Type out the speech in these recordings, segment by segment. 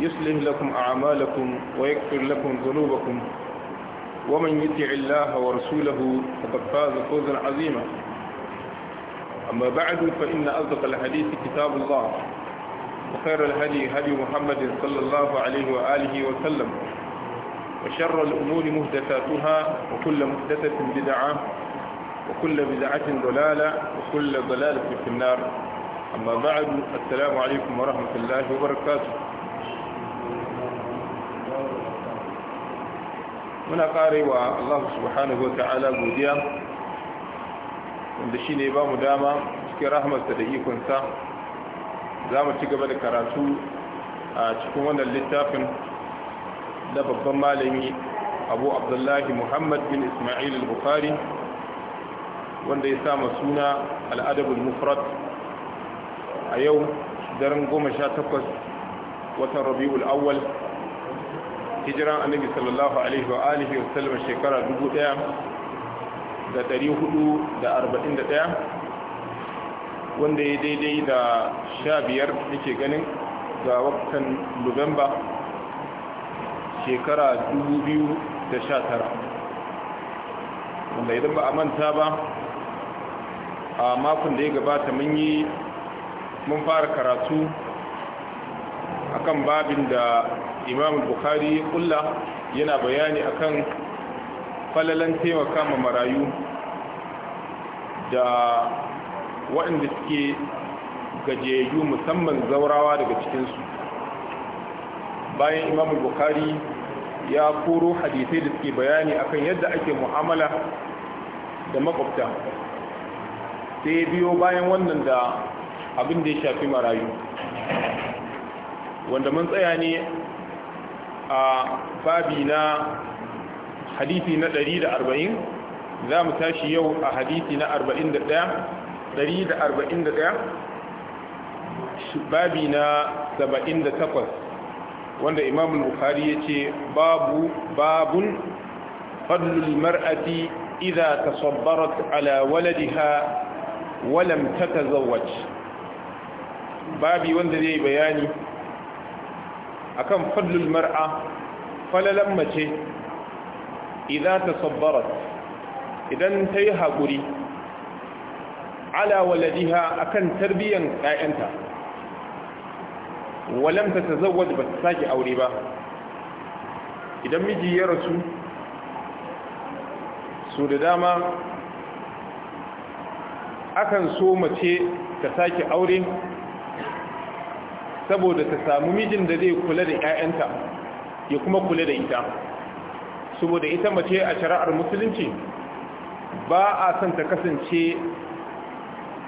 يصلح لكم أعمالكم ويغفر لكم ذنوبكم ومن يطع الله ورسوله فقد فاز فوزا عظيما أما بعد فإن أصدق الحديث كتاب الله وخير الهدي هدي محمد صلى الله عليه وآله وسلم وشر الأمور مهدثاتها وكل مهدثة بدعة وكل بدعة ضلالة وكل ضلالة في النار أما بعد السلام عليكم ورحمة الله وبركاته muna wa Allah subhanahu wa ta'ala godiya wanda shine ba mu dama cikin rahmarsa da ikonsa za mu ci gaba da karatu a cikin wannan littafin da babban malami abu abdullahi muhammad bin ismail al-bukhari wanda ya sama suna al'adabul mufrat a yau daren goma sha takwas watan rabi'ul awwal hijiran annabi sallallahu alaihi wa alihi wa sallam shekara 1441 wanda ya daidai da 15 nake ganin ga waktan Nuwamba shekara 2019 wanda idan ba a manta ba a makon da ya gabata mun yi mun fara karatu akan babin da imam bukhari kulla yana bayani akan falalan taimaka ma marayu da waɗanda suke gajiyayyu musamman zaurawa daga cikinsu bayan imam bukhari ya koro hadisai da suke bayani akan yadda ake mu'amala da makwabta sai biyo bayan wannan da abin da ya shafi marayu wanda mun tsaya ne a babi na hadisi na 140 za mu tashi yau a hadisi na 41 141 babi na 78 wanda imam bukhari ya ce babu babun fadlul mar'ati idza tasabbarat ala waladiha walam tatazawwaj babi wanda zai bayani akan fallul mar'a falalan mace idza tasabbarat idan tayi hakuri ala waladiha akan tarbiyan ƴaƴanta walam tatazawwaj ba ta sake aure ba idan miji ya rasu su da dama akan so mace ta sake aure saboda ta samu mijin da zai kula da 'ya'yanta ya kuma kula da ita saboda ita mace a shari'ar musulunci ba a son ta kasance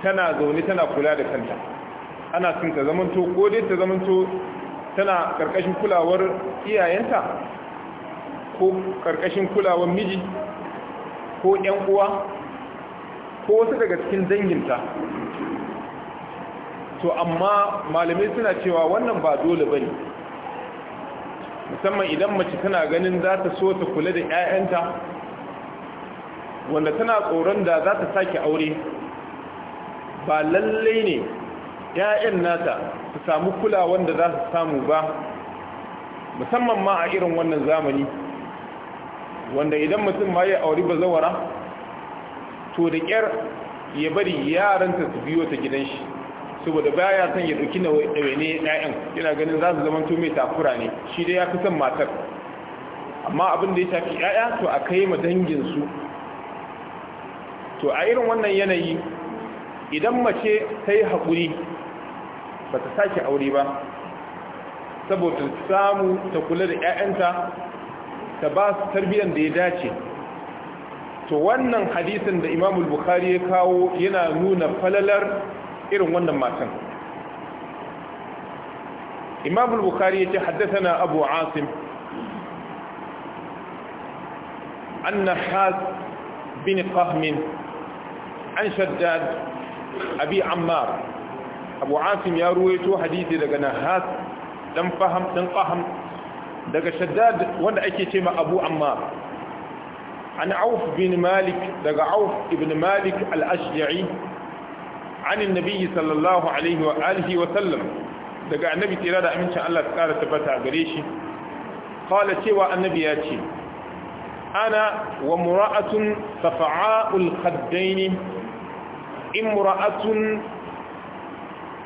tana zaune tana kula da kanta ana son ta zamanto ko dai ta zamanto tana karkashin kulawar iyayenta ko karkashin kulawar miji ko 'yan uwa ko wasu daga cikin danginta to amma malamai suna cewa wannan ba dole ba ne musamman idan mace tana ganin za ta so ta kula da 'ya'yanta wanda tana tsoron da za ta sake aure ba lalle ne 'ya'yan nata su samu kula wanda za su samu ba musamman ma a irin wannan zamani wanda idan mutum ma ya auri bazawara to da ƙyar ya bari yaranta su biyo ta gidan shi saboda baya san ya dauki na wani ɗayan yana ganin za su zama mai takura ne shi dai ya fi son matar amma abin da ya shafi 'ya'ya to a kai ma dangin su to a irin wannan yanayi idan mace ta yi haƙuri ba ta sake aure ba saboda samu ta kula da 'ya'yanta ta ba su tarbiyyar da ya dace to wannan hadisin da imamul bukhari ya kawo yana nuna falalar irin wannan matan imam al-bukhari ce haddathana abu asim anna has bin qahm an shaddad abi ammar abu asim ya ruwaito hadisi daga nahas dan faham dan qaham daga shaddad wanda ake ce ma abu ammar an auf bin malik daga auf ibn malik al-ashja'i anin nabiyyi sallallahu alaihi wa alihi wa sallam daga annabi tsira da amincin Allah ta kara tabbata a gare shi qala cewa annabi ya ce ana wa mura'atun safa'a'ul khaddaini imra'atun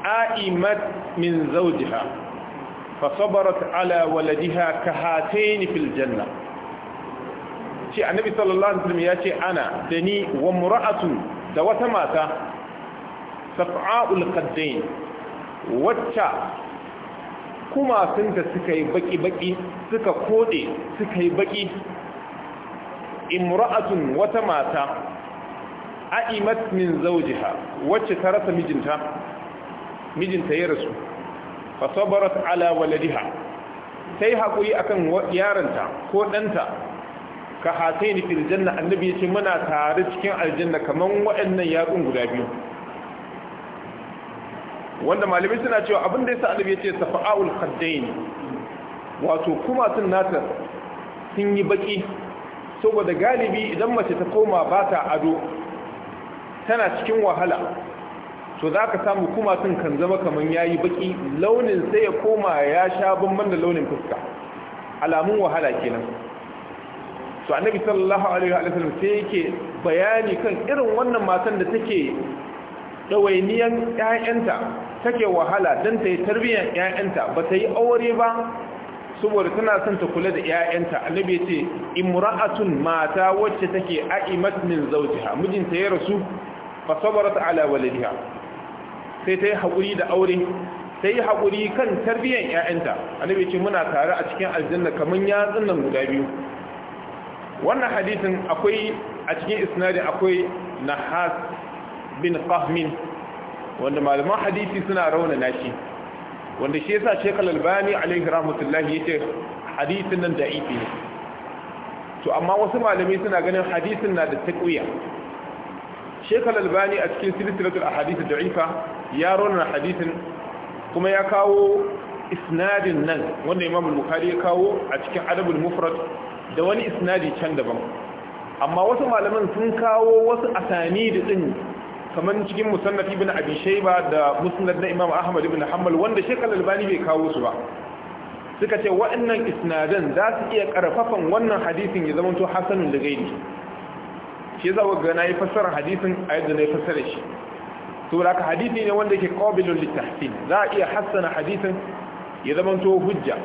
a'imat min zawjiha fa sabarat ala waladiha kahatayn fil janna ce annabi sallallahu alaihi wasallam ya ce ana da ni wa mura'atun da wata mata safa'ul qaddain wacce kuma sun da suka yi baki-baki suka kode suka yi baki imra'atun wata mata a'imat min zawjiha wacce ta rasa mijinta mijinta ya rasu fa sabarat ala waladiha sai hakuri akan yaranta ko danta ka hatai ni fil janna annabi yace muna tare cikin aljanna kaman waɗannan yatsun guda biyu wanda malamai suna cewa abin da ya yasa annabi ce safa'ul khaddain wato kuma sun nata sun yi baki saboda galibi idan mace ta koma ba ta ado tana cikin wahala to za ka samu kuma sun kan zama kamar ya yi baki launin sai ya koma ya sha bamban da launin fuska alamun wahala kenan to annabi sallallahu alaihi wa sallam sai yake bayani kan irin wannan matan da take ɗawainiyan 'ya'yanta take wahala don ta yi tarbiyyar 'ya'yanta ba ta yi aure ba saboda tana son ta kula da 'ya'yanta annabi ce imra'atun mata wacce take a'imat min zawjiha mijinta ya rasu fa sabarat ala waladiha sai ta yi haƙuri da aure ta yi haƙuri kan tarbiyyar 'ya'yanta annabi ce muna tare a cikin aljanna kamar yatsun nan guda biyu wannan hadisin akwai a cikin isnadi akwai nahas bin fahmin wanda malaman hadisi suna raunana shi wanda shi yasa Sheikh Al-Albani alaihi rahmatullahi yace hadisin nan da'ifi ne to amma wasu malami suna ganin hadisin na da taqwiya Sheikh albani a cikin silsilatul ahadith da'ifa ya raunana hadisin kuma ya kawo isnadin nan wanda Imam Bukhari ya kawo a cikin Adabul Mufrad da wani isnadi can daban amma wasu malaman sun kawo wasu asani din kamar cikin musannaf ibn abi shayba da musnad na imam ahmad ibn hanbal wanda shekarar albani bai kawo su ba suka ce waɗannan isnadan za su iya karfafan wannan hadisin ya zamanto hasanun da gaidi shi yasa ga na yi fassara hadisin a yadda na yi fassara shi to da ka hadisi ne wanda yake qabilul litahsin za a iya hassana hadisin ya zamanto hujja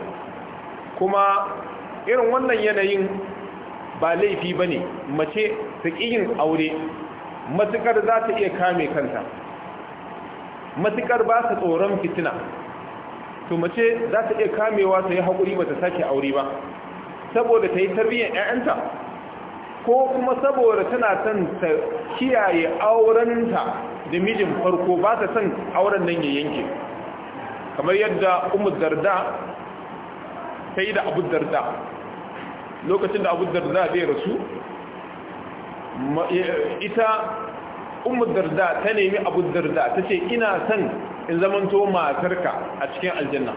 kuma irin wannan yanayin ba laifi bane mace ta aure matukar za ta iya kame kanta matukar ba ta tsoron fitina to mace za ta iya kamewa ta yi haƙuri ba ta sake aure ba saboda ta yi tarbiyyar 'ya'yanta ko kuma saboda tana son ta kiyaye aurenta da mijin farko ba ta son auren nan ya yanke kamar yadda Umar darda ta yi da abu darda lokacin da abu darda zai rasu Eh, ita ummu darda ta nemi abu darda ta ce ina son in zamanto matarka a cikin aljanna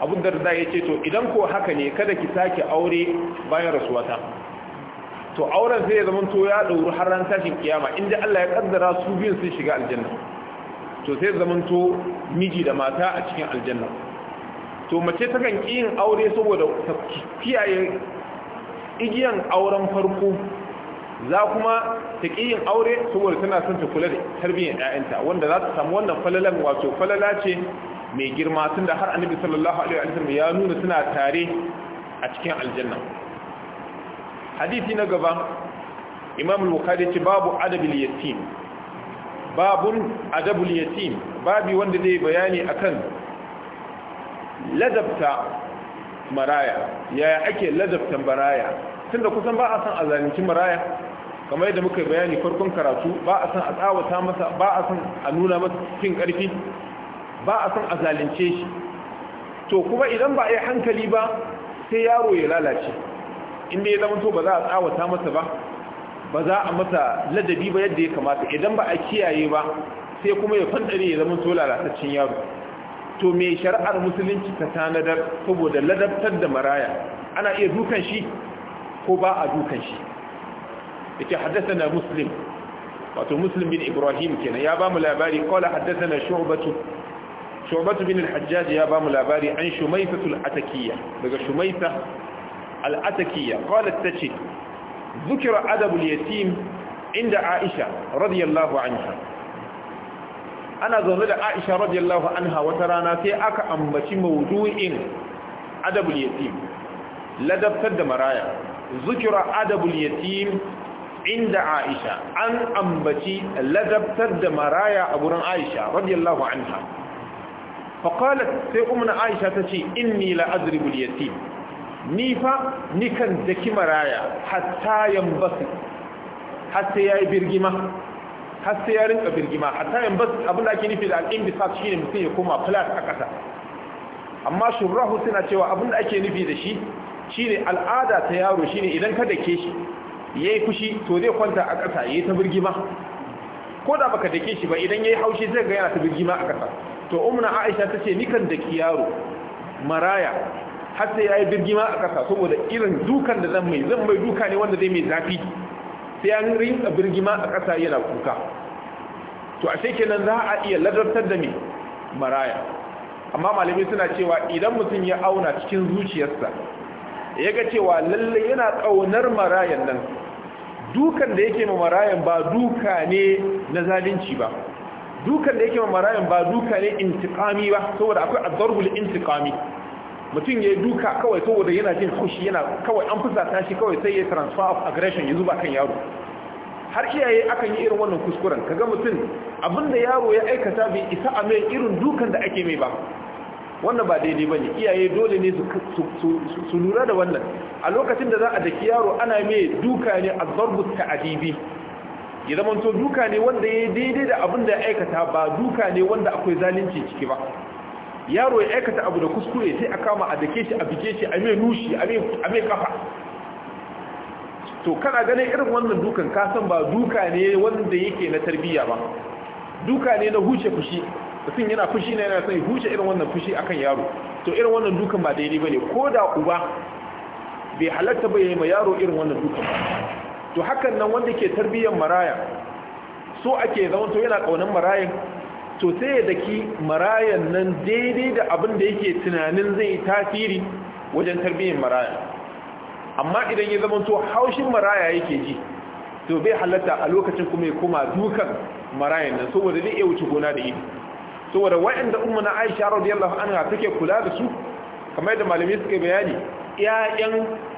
abu darda ya ce to idan ko haka ne kada ki sake aure bayan rasuwata to auren sai ya zamanto ya ɗauru har ran tashin kiyama inda Allah ya kaddara su biyun sun shiga aljanna to sai zamanto miji da mata a cikin aljanna to mace ta kan yin aure saboda ta kiyaye igiyan auren farko za kuma ta ƙi yin aure saboda tana son ta kula da tarbiyyar 'ya'yanta, wanda za ta samu wannan falalan wato falala ce mai girma da har annabi sallallahu alaihi wasallam ya nuna suna tare a cikin aljanna hadisi na gaba imam al-bukhari ce babu Adabul yatim babun adabul yatim babi wanda zai bayani akan ladabta maraya yaya ake ladabtan maraya tun da kusan ba a san a maraya kamar yadda muka bayani farkon karatu ba a san a tsawata masa ba a san a nuna masa cikin ƙarfi ba a san a zalunce shi to kuma idan ba a yi hankali ba sai yaro ya lalace inda ya zama to ba za a tsawata masa ba ba za a masa ladabi ba yadda ya kamata idan ba a kiyaye ba sai kuma ya fandare ya zama to lalataccen yaro to me shari'ar musulunci ta tanadar saboda ladabtar da maraya ana iya dukan shi ko ba a dukan shi yake haddathana muslim wato muslim bin ibrahim kenan ya ba mu labari qala haddathana shu'batu shu'batu bin al-hajjaj ya ba mu labari an shumaysa al-atakiyya daga shumaysa al-atakiyya qalat tachi dhukira adab al-yatim inda aisha radiyallahu anha ana zo da Aisha radiyallahu anha wata rana sai aka ambaci mawdu'in adab al yatim ladabtar da maraya zukira adabul yatim inda Aisha an ambaci ladabtar da maraya a gurin Aisha radiyallahu anha faqalat sai umma Aisha tace inni la adribul yatim ni fa nikan daki maraya hatta yambasi hatta yayi birgima hatta ya rinka birgima hatta yambasi abin da ake nufi da al-imbisat shine mutum ya koma flat a kasa amma shurrahu suna cewa abin da ake nufi da shi shine al'ada ta yaro shine idan ka dake shi yayi kushi to zai kwanta a ƙasa yayi ta birgima ko da baka dake shi ba idan yayi haushi zai ga yana ta birgima a ƙasa to umna Aisha tace nikan dake yaro maraya har sai yayi birgima a ƙasa saboda irin dukan da zan mai zan mai duka ne wanda zai mai zafi sai an rinka birgima a ƙasa yana kuka to ashe kenan za a iya ladartar da me maraya amma malamai suna cewa idan mutum ya auna cikin zuciyarsa ya ga cewa lallai yana ƙaunar marayan nan dukan da yake ma marayan ba duka ne na zalunci ba dukan da yake ma marayan ba duka ne intiqami ba saboda akwai addarbul intiqami mutum ya duka kawai saboda yana jin haushi yana kawai an fusata shi kawai sai ya transfer of aggression ya zuba kan yaro har iyaye akan yi irin wannan kuskuren kaga mutum abinda yaro ya aikata bai isa a mai irin dukan da ake mai ba wannan ba daidai ba ne iyaye dole ne su lura da wannan a lokacin da za a daki yaro ana mai duka ne a zarbus ta adibi ya zamanto duka ne wanda ya daidai da abin da ya aikata ba duka ne wanda akwai zalunci ciki ba yaro ya aikata abu da kuskure sai a kama a dake shi a bige shi a mai nushi a mai kafa to kana ganin irin wannan dukan kasan ba duka ne wanda yake na tarbiyya ba duka ne na huce fushi mutum yana fushi ne yana sai huce irin wannan fushi akan yaro to irin wannan dukan ba daidai bane ko da uba bai halatta ba yayi ma yaro irin wannan dukan to hakan nan wanda ke tarbiyyar maraya so ake zaman to yana kaunan marayan to sai ya daki marayan nan daidai da abin da yake tunanin zai yi tasiri wajen tarbiyyar maraya amma idan ya zama to haushin maraya yake ji to bai halatta a lokacin kuma ya koma dukan marayan nan saboda zai iya wuce gona da ido saboda wa'anda ummuna Aisha radiyallahu anha take kula da su kamar yadda malami suka bayani ƴaƴan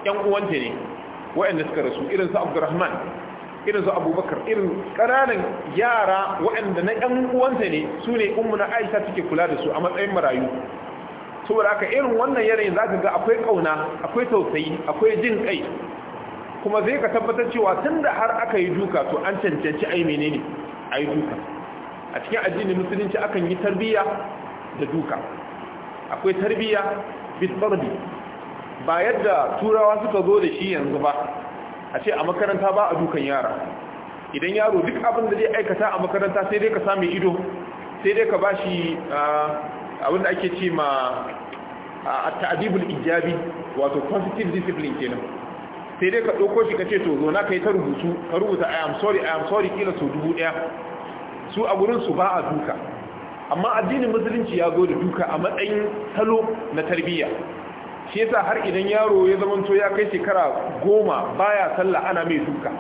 ƴan uwanta ne wa'anda suka rasu irin su Abdurrahman irin su Abubakar irin ƙananan yara wa'anda na ƴan uwanta ne su ne ummuna Aisha take kula da su a matsayin marayu saboda haka irin wannan yanayin zaka ga akwai kauna akwai tausayi akwai jin kai kuma zai ka tabbatar cewa tunda har aka yi duka to an cancanci ai menene ai duka a cikin addinin musulunci akan yi tarbiyya da duka akwai tarbiyya bisbarbi ba yadda turawa suka zo da shi yanzu ba a ce a makaranta ba a dukan yara idan yaro duk abin da zai aikata a makaranta sai dai ka sami ido sai dai ka ba shi ah, abin da ake ce ma a ah, ta'adibul ijabi wato positive discipline kenan sai dai ka ɗauko shi ka ce to zo na ka yi ta rubutu ka rubuta i am sorry i am sorry kila sau dubu ɗaya su a wurinsu ba a duka amma addinin musulunci ya zo da duka a matsayin salo na tarbiyya shi yasa har idan yaro ya zamanto ya kai shekara goma baya sallah ana mai duka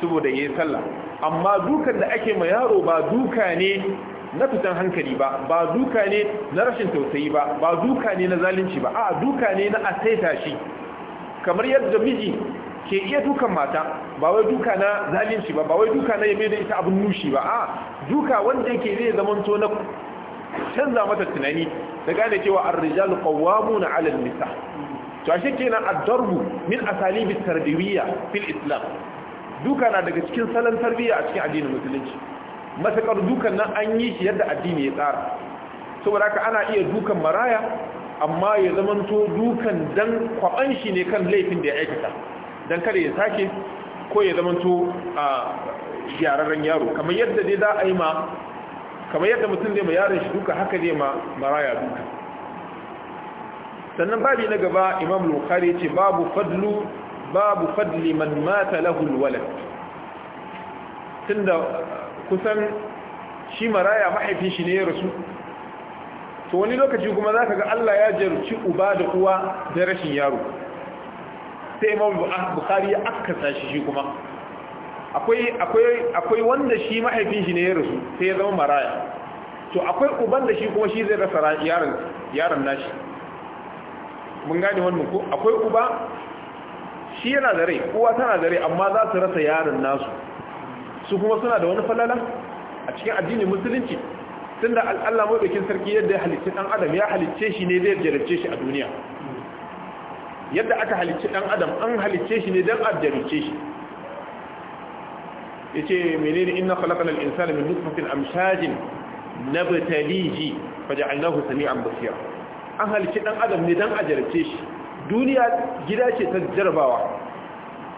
saboda yi sallah amma dukan da ake ma yaro ba duka ne na fitan hankali ba ba duka ne na rashin tausayi ba ba duka ne na zalunci ba a duka ne na asaita shi kamar yadda miji ke iya dukan mata ba wai duka na zalunci ba ba wai duka na yame da ita abin nushi ba a duka wanda yake zai zamanto na canza mata tunani da gane cewa ar-rijal qawwamuna 'ala an-nisa to ashe kenan ad-darbu min asalib at-tarbiyya fil islam duka na daga cikin salon tarbiyya a cikin addinin musulunci matakar dukan nan an yi shi yadda addini ya tsara saboda haka ana iya dukan maraya amma ya zamanto dukan dan kwaban shi ne kan laifin da ya aikata don kada ya sake ko ya zamanto a yararren yaro kamar yadda dai za a yi ma kamar yadda mutum zai ma yaron shi duka haka zai ma maraya duka sannan babi na gaba imam lokari ce babu fadlu babu fadli man mata walad tun tunda kusan shi maraya mahaifin shi ne ya rasu to wani lokaci kuma za ka ga Allah ya jarci uba da uwa da rashin yaro sai imam bukhari ya aka sashi shi kuma akwai wanda shi mahaifin shi ne ya rasu sai ya zama maraya to akwai uban da shi kuma shi zai rasa yaron nashi mun gane wannan ko akwai uba shi yana da rai uwa tana da rai amma za su rasa yaron nasu su kuma suna da wani falala a cikin addinin musulunci tunda Allah madaukakin sarki yadda ya halicce ɗan adam ya halicce shi ne zai jarabce shi a duniya yadda aka halicci ɗan adam an halicce shi ne don abjarice shi Ya yace menene inna khalaqnal insana min nufafin amshajin na bataliji? nabtalihi faj'alnahu sami'an basira an halicci ɗan adam ne dan ajarce shi duniya gida ce ta jarabawa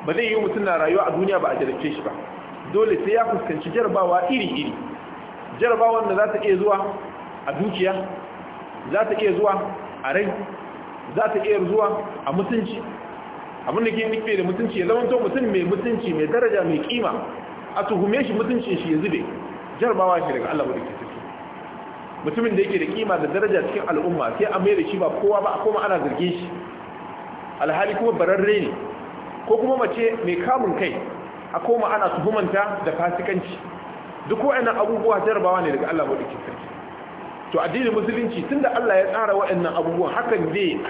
ba zai yi mutum na rayuwa a duniya ba a jarabce shi ba dole sai ya fuskanci jarabawa iri-iri jarabawan da za ta iya zuwa a dukiya za ta iya zuwa a rai za ta iya zuwa a mutunci abin da ke nufi da mutunci ya to mutum mai mutunci mai daraja mai kima a tuhume shi mutuncin shi ya zube jarbawa shi daga Allah madaukakin Sufi. mutumin da yake da kima da daraja cikin al'umma sai a mai da shi ba kowa ba a koma ana zargin shi alhali kuma bararre ne ko kuma mace mai kamun kai a koma ana tuhumanta da fasikanci duk wa'annan abubuwa jarabawa ne daga Allah ke sarki to addinin musulunci tunda Allah ya tsara waɗannan abubuwan hakan ne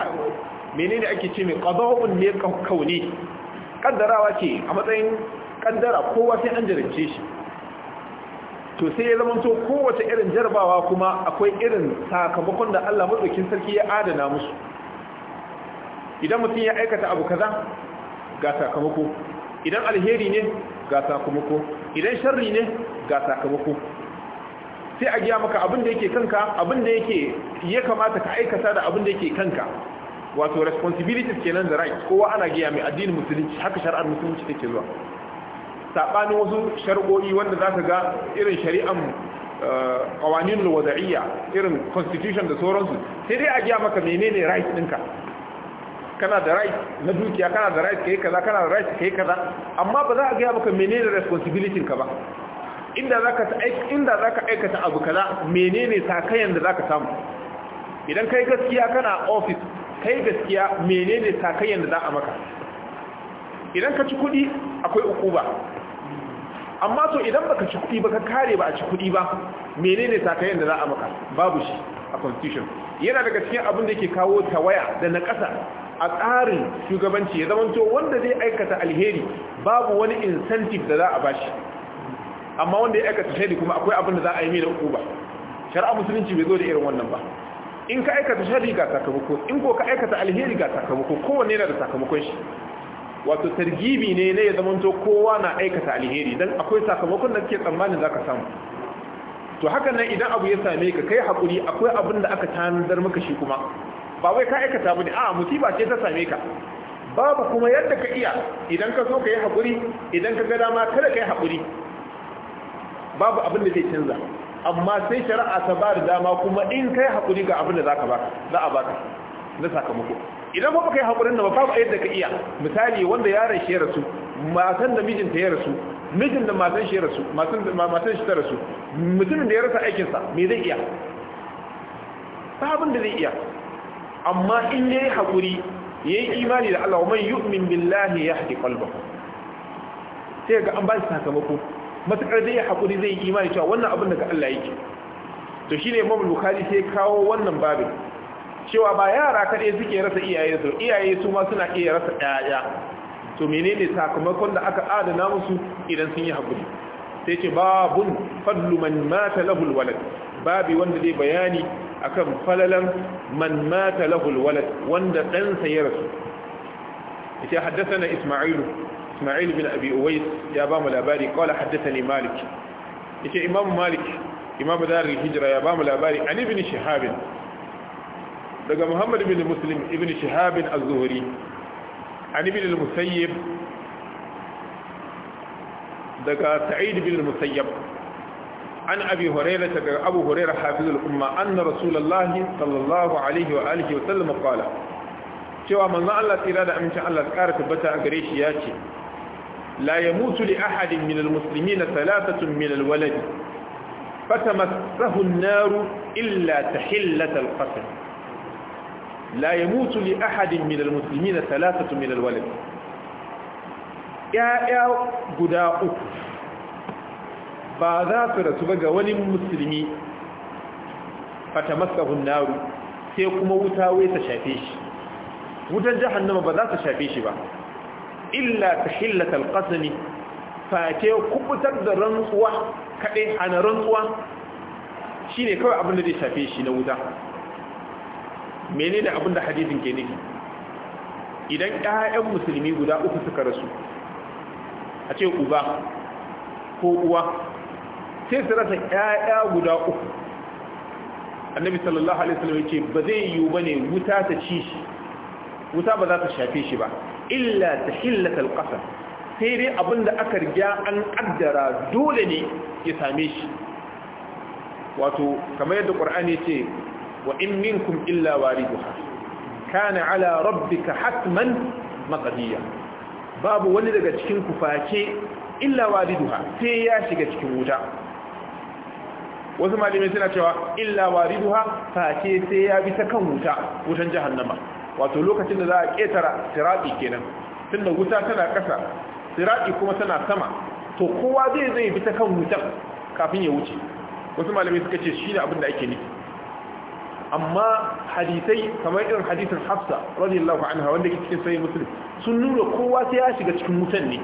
menene ake ce mai qada'un ne kauni kaddarawa ce a matsayin kaddara kowa sai an jarince shi to sai ya zamanto kowace irin jarbawa, kuma akwai irin sakamakon da Allah madaukin sarki ya adana musu idan mutum ya aikata abu kaza ga sakamako idan alheri ne ga sakamako idan sharri ne ga sakamako sai a giya maka abin da yake kanka abin da yake ya kamata ka aikata da abin da yake kanka wato responsibilities kenan da right kowa ana giya mai addinin musulunci haka shari'ar musulunci take zuwa sabanin wasu shari'o'i wanda zaka ga irin shari'an eh, qawanin wada'iyya irin constitution da sauransu sai dai a giya maka menene right ɗinka kana da right na dukiya kana da right kai kaza kana da right kai kaza amma ba za a gaya maka menene responsibility ka ba inda zaka inda zaka aikata abu kaza menene sakayen da zaka samu idan kai gaskiya kana office kai gaskiya menene sakayen da za a maka idan ka ci kudi akwai ukuba amma to idan baka ci kudi baka kare ba a ci kudi ba menene sakayen da za a maka babu shi a constitution yana daga cikin abin da yake kawo tawaya da na ƙasa a tsarin shugabanci ya zamanto wanda zai aikata alheri babu wani incentive da za a bashi amma wanda ya aikata shaidi kuma akwai abin da za a yi mai uku ba shari'a musulunci bai zo da irin wannan ba in ka aikata shaidi ga sakamako in ko ka aikata alheri ga sakamako kowanne yana da sakamakon shi wato targibi ne ne ya zamanto kowa na aikata alheri dan akwai sakamakon da kake tsammanin zaka samu to hakan nan idan abu ya same ka kai hakuri akwai abin da aka tanadar maka shi kuma ba wai ka aikata bane a musiba ce ta same ka babu kuma yadda ka iya idan ka so ka yi hakuri idan ka ga dama kada ka yi hakuri babu abin da zai canza amma sai shari'a ta ba da dama kuma in kai haƙuri ga abin da za ka ba za a baka na sakamako idan ba kai haƙurin da ba babu yadda ka iya misali wanda yaron shi ya rasu matan da mijinta ya rasu mijin da matan shi ya rasu matan shi ta rasu mutumin da ya rasa aikinsa me zai iya ba abin da zai iya amma in ya yi haƙuri ya yi imani da Allah wa man yu'min billahi ya haƙi kwalba." sai ga an ba shi sakamako matakar zai haƙuri zai yi imani cewa wannan abin daga Allah yake to shine Imam Bukhari sai kawo wannan babin cewa ba yara kaɗai suke rasa iyayensu iyaye su ma suna iya rasa ɗaya to menene sakamakon da aka adana musu idan sun yi haƙuri sai ce babun fadlu man mata lahul walad babi wanda zai bayani akan falalan man mata lahul walad wanda ɗansa ya rasu ita haddasa na ismailu isma'il bin abi uwais ya ba mu labari qala haddathani malik yace imam malik imam dar hijra ya ba mu labari an ibn shihab daga muhammad bin muslim ibn shihab az-zuhri an ibn al daga sa'id bin al-musayyib عن حافظ الأمة أن رسول الله صلى الله عليه وآله وسلم قال cewa manzon Allah tsira da amincin Allah ƙara tabbata a gare shi ya ce لا يموت لأحد من المسلمين ثلاثة من الولد فتمسه النار إلا تحلة القتل لا يموت لأحد من المسلمين ثلاثة من الولد يا يا قداء فذاكرة بقوان المسلمين فتمسه النار سيكون موتاوي تشافيش متنجح النمو بذات تشافيش بحث illa ta hillatal qasmi fake kubutar da rantsuwa kaɗai hana rantsuwa shi ne kawai abinda zai shafe shi na wuta abin da abinda hadisin ke nufi idan ƴaƴan musulmi guda uku suka rasu a ce uba ko uwa sai su rasa ƴaƴa guda uku annabi sallallahu alaihi wasallam ce ba zai yiwu bane wuta ta ci shi wuta ba za ta shafe shi ba illa ta hillatal ƙasa sai dai abinda aka riga an ƙaddara dole ne ya same shi wato kamar yadda ƙwar'ani ce wa in minkum illa wariduha kana ala rabbika hatman maqdiya babu wani daga cikin ku face illa wariduha sai ya shiga cikin wuta wasu malamai suna cewa illa wariduha face sai ya bi ta kan wuta wutan jahannama wato lokacin da za a ƙetara siraɗi kenan tun da wuta tana ƙasa siraɗi kuma tana sama to kowa zai zai bi kan wutan kafin ya wuce wasu malamai suka ce shi ne abin da ake nufi amma hadisai kamar irin hadisin hafsa radiyallahu anha wanda ke cikin sayi musulun sun nuna kowa sai ya shiga cikin wutan ne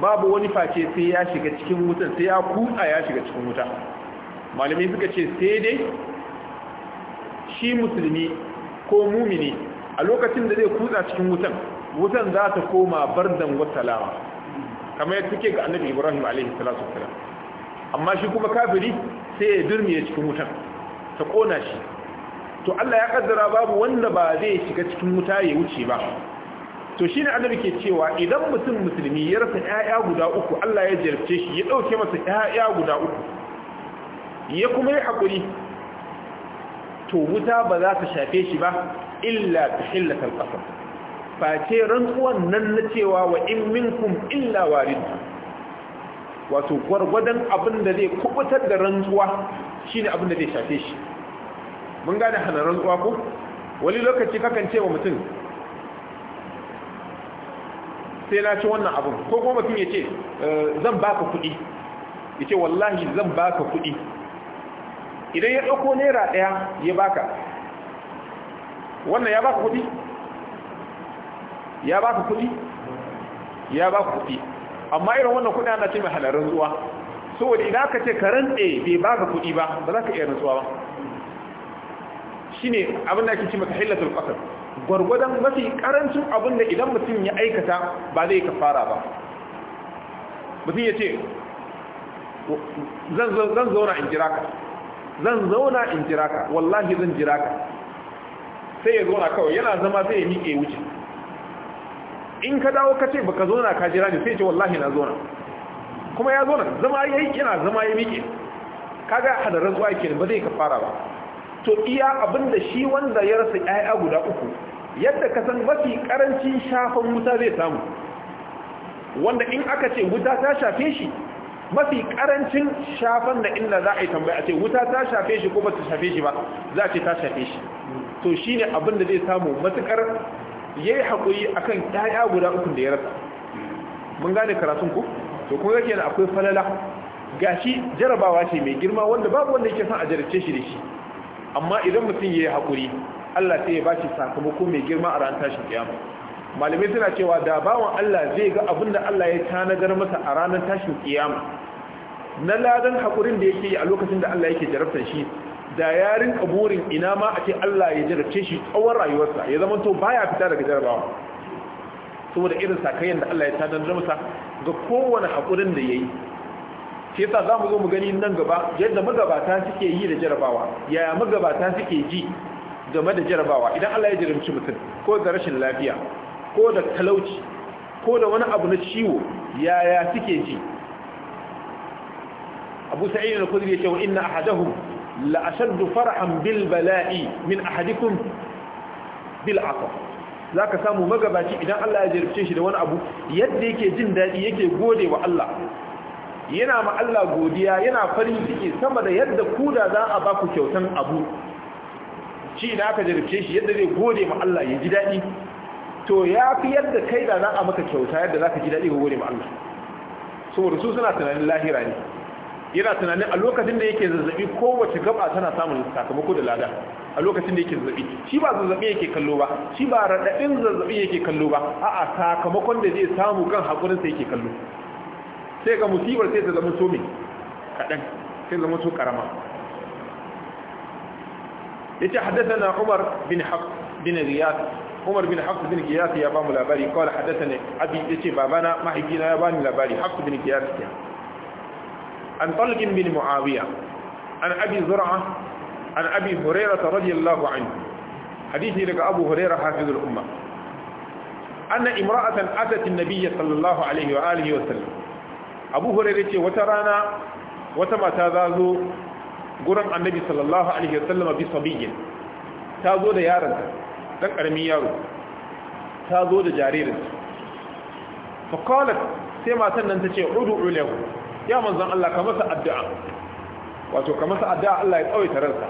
babu wani face sai ya shiga cikin wutan sai ya kutsa ya shiga cikin wuta malamai suka ce sai dai shi musulmi ko mumini a lokacin da zai kutsa cikin wutan wutan za ta koma bardan wasalawa kamar yadda take ga annabi ibrahim alaihi salatu wasalam amma shi kuma kafiri sai ya ya cikin wutan ta kona shi to Allah ya kaddara babu wanda ba zai shiga cikin wuta ya wuce ba to shine annabi ke cewa idan mutum musulmi ya rasa ƴaƴa guda uku Allah ya jarce shi ya ɗauke masa ƴaƴa guda uku ya kuma yi hakuri to wuta ba za ta shafe shi ba illa bi hillatal qasam face rantsuwan nan na cewa wa in minkum illa warid wato gwargwadon abin da zai kubutar da rantsuwa shine abin da zai shafe shi mun gane hana rantsuwa ko wani lokaci kakan ce wa mutum sai na ci wannan abin ko kuma mutum ya ce eh, zan baka kuɗi ya ce wallahi zan baka kuɗi idan ya ɗauko naira ɗaya ya baka wannan ya baka kuɗi ya baka kuɗi ya baka kuɗi amma irin wannan kuɗi ana ce mai halarin zuwa saboda idan aka ce karen ɗe bai baka kuɗi ba ba za ka iya rantsuwa ba Shi ne abin da ake ce maka hillatul qasr gwargwadon mafi karancin abin da idan mutum ya aikata ba zai kafara ba mutum ya ce zan zauna in jira ka zan zauna in jira ka wallahi zan jira ka sai ya zauna kawai yana zama sai ya miƙe wuce in ka dawo ka ce baka zauna ka jira ne sai ce wallahi na zauna kuma ya zauna zama ya yi kina zama ya miƙe kaga hadarin zuwa kenan ba zai ka fara ba to iya abin da shi wanda ya rasa ƴaƴa guda uku yadda ka san mafi karancin shafan wuta zai samu wanda in aka ce wuta ta shafe shi mafi karancin shafan da inda za a yi tambaya a ce wuta ta shafe shi ko ba ta shafe shi ba za a ce ta shafe shi to shi ne abin da zai samu matukar ya yi haƙuri a kan ƴaƴa guda ukun da ya rasa mun gane karatun ku to kuma yake da akwai falala Ga shi jarabawa ce mai girma wanda babu wanda yake son a jarabce shi da shi amma idan mutum ya yi haƙuri Allah sai ya ba shi sakamako mai girma a ran tashin kiyama malamai suna cewa da bawan Allah zai ga abin da Allah ya tanagar masa a ranar tashin kiyama na ladan haƙurin da yake yi a lokacin da Allah yake jarabtar shi da yarin kaburin ina ma a ce Allah ya jarabce shi tsawon rayuwarsa ya zama to baya fita daga jarabawa saboda irin sakayen da Allah ya tanadar masa ga kowane haƙurin da yayi shi yasa za mu zo mu gani nan gaba yadda magabata suke yi da jarabawa yaya magabata suke ji game da jarabawa idan Allah ya jarumci mutum ko da rashin lafiya ko da talauci ko da wani abu na ciwo yaya suke ji abu sa'id Kudu ya ce, wa inna ahadahu? laashaddu farahan farhan bil bala'i min ahadikun bil Za zaka samu magabaci idan Allah ya jarabce shi da wani abu yadda yake jin daɗi yake gode wa Allah yana ma Allah godiya yana farin ciki sama da yadda kuda za a baku kyautan abu shi da aka jarabce shi yadda zai gode ma Allah ya ji daɗi? to ya fi yadda kai da za a maka kyauta yadda za ka ji daɗi ga gode ma Allah su suna tunanin lahira ne yana tunanin a lokacin da yake zazzabi kowace gaba tana samun sakamako da lada a lokacin da yake zazzabi shi ba zazzabi yake kallo ba shi ba raɗaɗin zazzabi yake kallo ba a'a sakamakon da zai samu kan haƙurinsa yake kallo sai ga musibar sai ta zama so kaɗan sai zama so ƙarama ya ce haddasa na umar bin haq bin riyad umar bin hafs bin qiyas ya ba mu labari qala hadathani abi yace babana mahaifina ya bani labari hafs bin qiyas ke an talq bin muawiya an abi zur'a an abi hurairah radiyallahu anhu hadisi daga abu hurairah hafizul umma أن امرأة أتت النبي صلى الله عليه وآله وسلم أبو هريرة وترانا وتما تازازو قرن النبي صلى الله عليه وسلم بصبي تازو ديارنا dan karamin yaro ta zo da jaririn fa qalat sai matan nan tace ud'u lahu ya manzon Allah ka masa addu'a wato ka masa addu'a Allah ya tsawaita ransa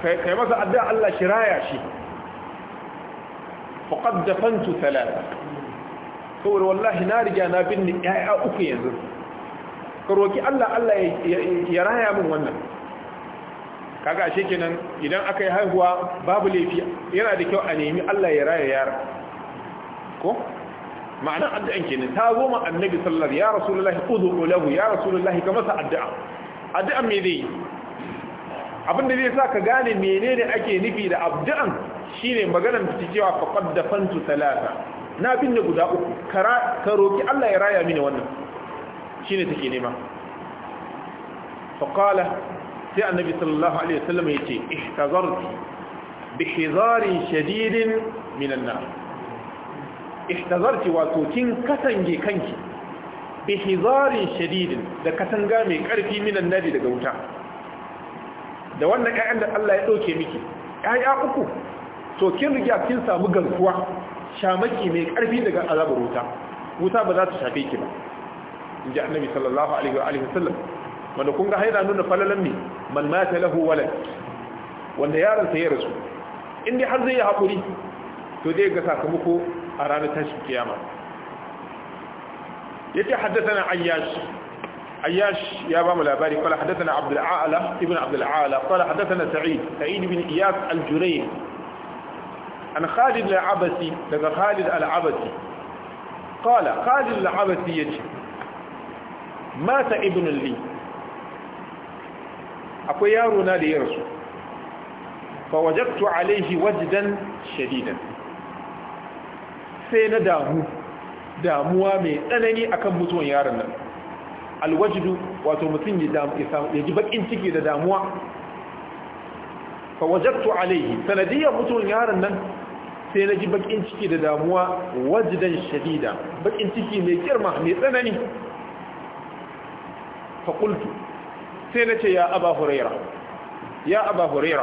kai masa addu'a Allah shi raya shi faqad dafantu thalatha saboda wallahi na riga na binne 'ya'ya uku yanzu ka roki Allah Allah ya raya min wannan kaga ashe kenan idan aka yi haihuwa babu laifi yana da kyau a nemi Allah ya raya yara ko ma'anar addu'an kenan ta zo ma annabi sallallahu ya rasulullahi udhu lahu ya rasulullahi ka masa addu'a addu'a me zai abin da zai sa ka gane menene ake nufi da addu'an shine magana ta cewa faqad fantu salata na binne guda uku ka roki Allah ya raya mini wannan shine take nema faqala sai annabi sallallahu alaihi wasallam ya ce ihtazarti bi hizarin shadidin minan nar ihtazarti wato kin katange kanki bi hizarin shadidin da katanga mai karfi minan nar daga wuta da wannan ƴaƴan da Allah ya dauke miki ƴaƴa uku to kin riga kin samu garkuwa shamaki mai karfi daga azabar wuta wuta ba za ta shafe ki ba inji annabi sallallahu alaihi wa alihi wasallam wanda kun ga haina nuna falalan ne من مات له ولد wanda yaron sa ya rasu in dai har zai yi hakuri to zai ga sakamako a ranar tashin kiyama ayyash عياش يا بام الأباري قال حدثنا عبد العالة ابن عبد العالة قال حدثنا سعيد سعيد بن إياس الجريم عن خالد العبسي لقى خالد العبسي قال خالد العبسي يجي مات ابن لي akwai yaro na da ya rasu fa wajadtu alaihi wajdan shadidan sai na damu damuwa mai tsanani akan mutuwan yaron nan alwajdu wato mutum ya ji bakin ciki da damuwa fa wajadtu alaihi sanadiyar mutuwan yaron nan sai na ji bakin ciki da damuwa wajdan shadida bakin ciki mai girma mai tsanani fa kultu. sai na ce ya aba huraira ya aba huraira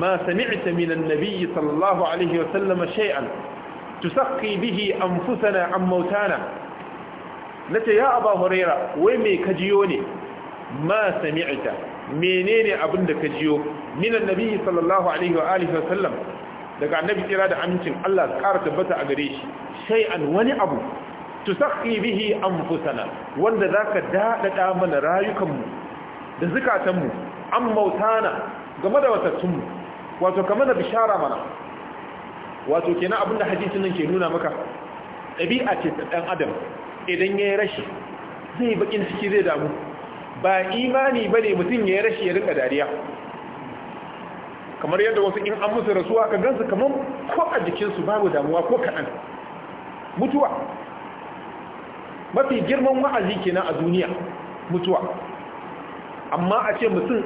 ma sami'ta min annabi sallallahu alaihi wa sallam shay'an tusaqi bihi anfusana an mautana nace ya aba huraira wai me jiyo ne ma sami'ta menene abin da jiyo? min annabi sallallahu alaihi wa alihi wa sallam daga annabi kira da amincin Allah ƙara tabbata a gare shi shay'an wani abu tusaqi bihi anfusana wanda zaka dadada mana rayukanmu da zukatanmu an mautana game da watattunmu wato kamar da bishara mana wato kenan abinda hadisin nan ke nuna maka dabi'a ce ta ɗan adam idan yayi yi rashi zai bakin ciki zai damu ba imani ba ne mutum ya yi rashi ya rika dariya kamar yadda wasu in an musu rasuwa ka gansu kamar ko a jikinsu babu damuwa ko kaɗan mutuwa mafi girman wa'azi kenan a duniya mutuwa amma a ce mutum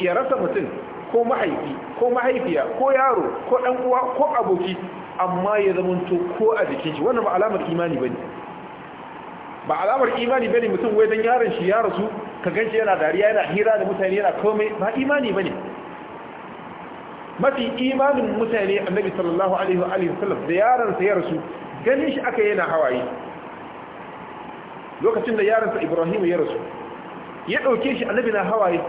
ya rasa mutum ko mahaifi ko mahaifiya ko yaro ko ɗan'uwa, uwa ko aboki amma ya zamanto ko a jikin shi wannan ba alamar imani ne. ba alamar imani ne mutum wai don yaron shi ya rasu ka ganshi yana dariya yana hira da mutane yana komai ba imani ba ne. mafi imanin mutane annabi sallallahu alaihi wa sallam da yaron sa ya rasu ganin shi aka yana hawaye lokacin da yaransa ibrahim ya rasu ya ɗauke shi annabi na hawaye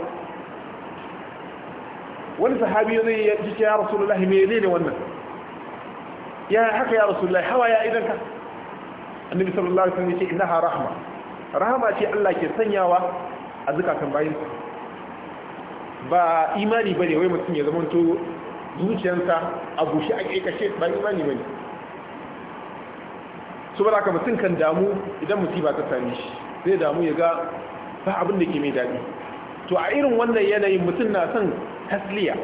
wani sahabi ne ya ji ya rasulullah me ne ne wannan ya haka ya rasulullah hawaya idan ka annabi sallallahu alaihi wasallam ya ce innaha rahma rahama ce Allah ke sanyawa a zakatan bayin ba imani bane wai mutum ya zama to zuciyarsa a gushi a kekashe ba imani bane saboda ka mutum kan damu idan musiba ta sami, shi zai damu ya ga ba abin da ke mai daɗi to a irin wannan yanayin mutum na son tasliya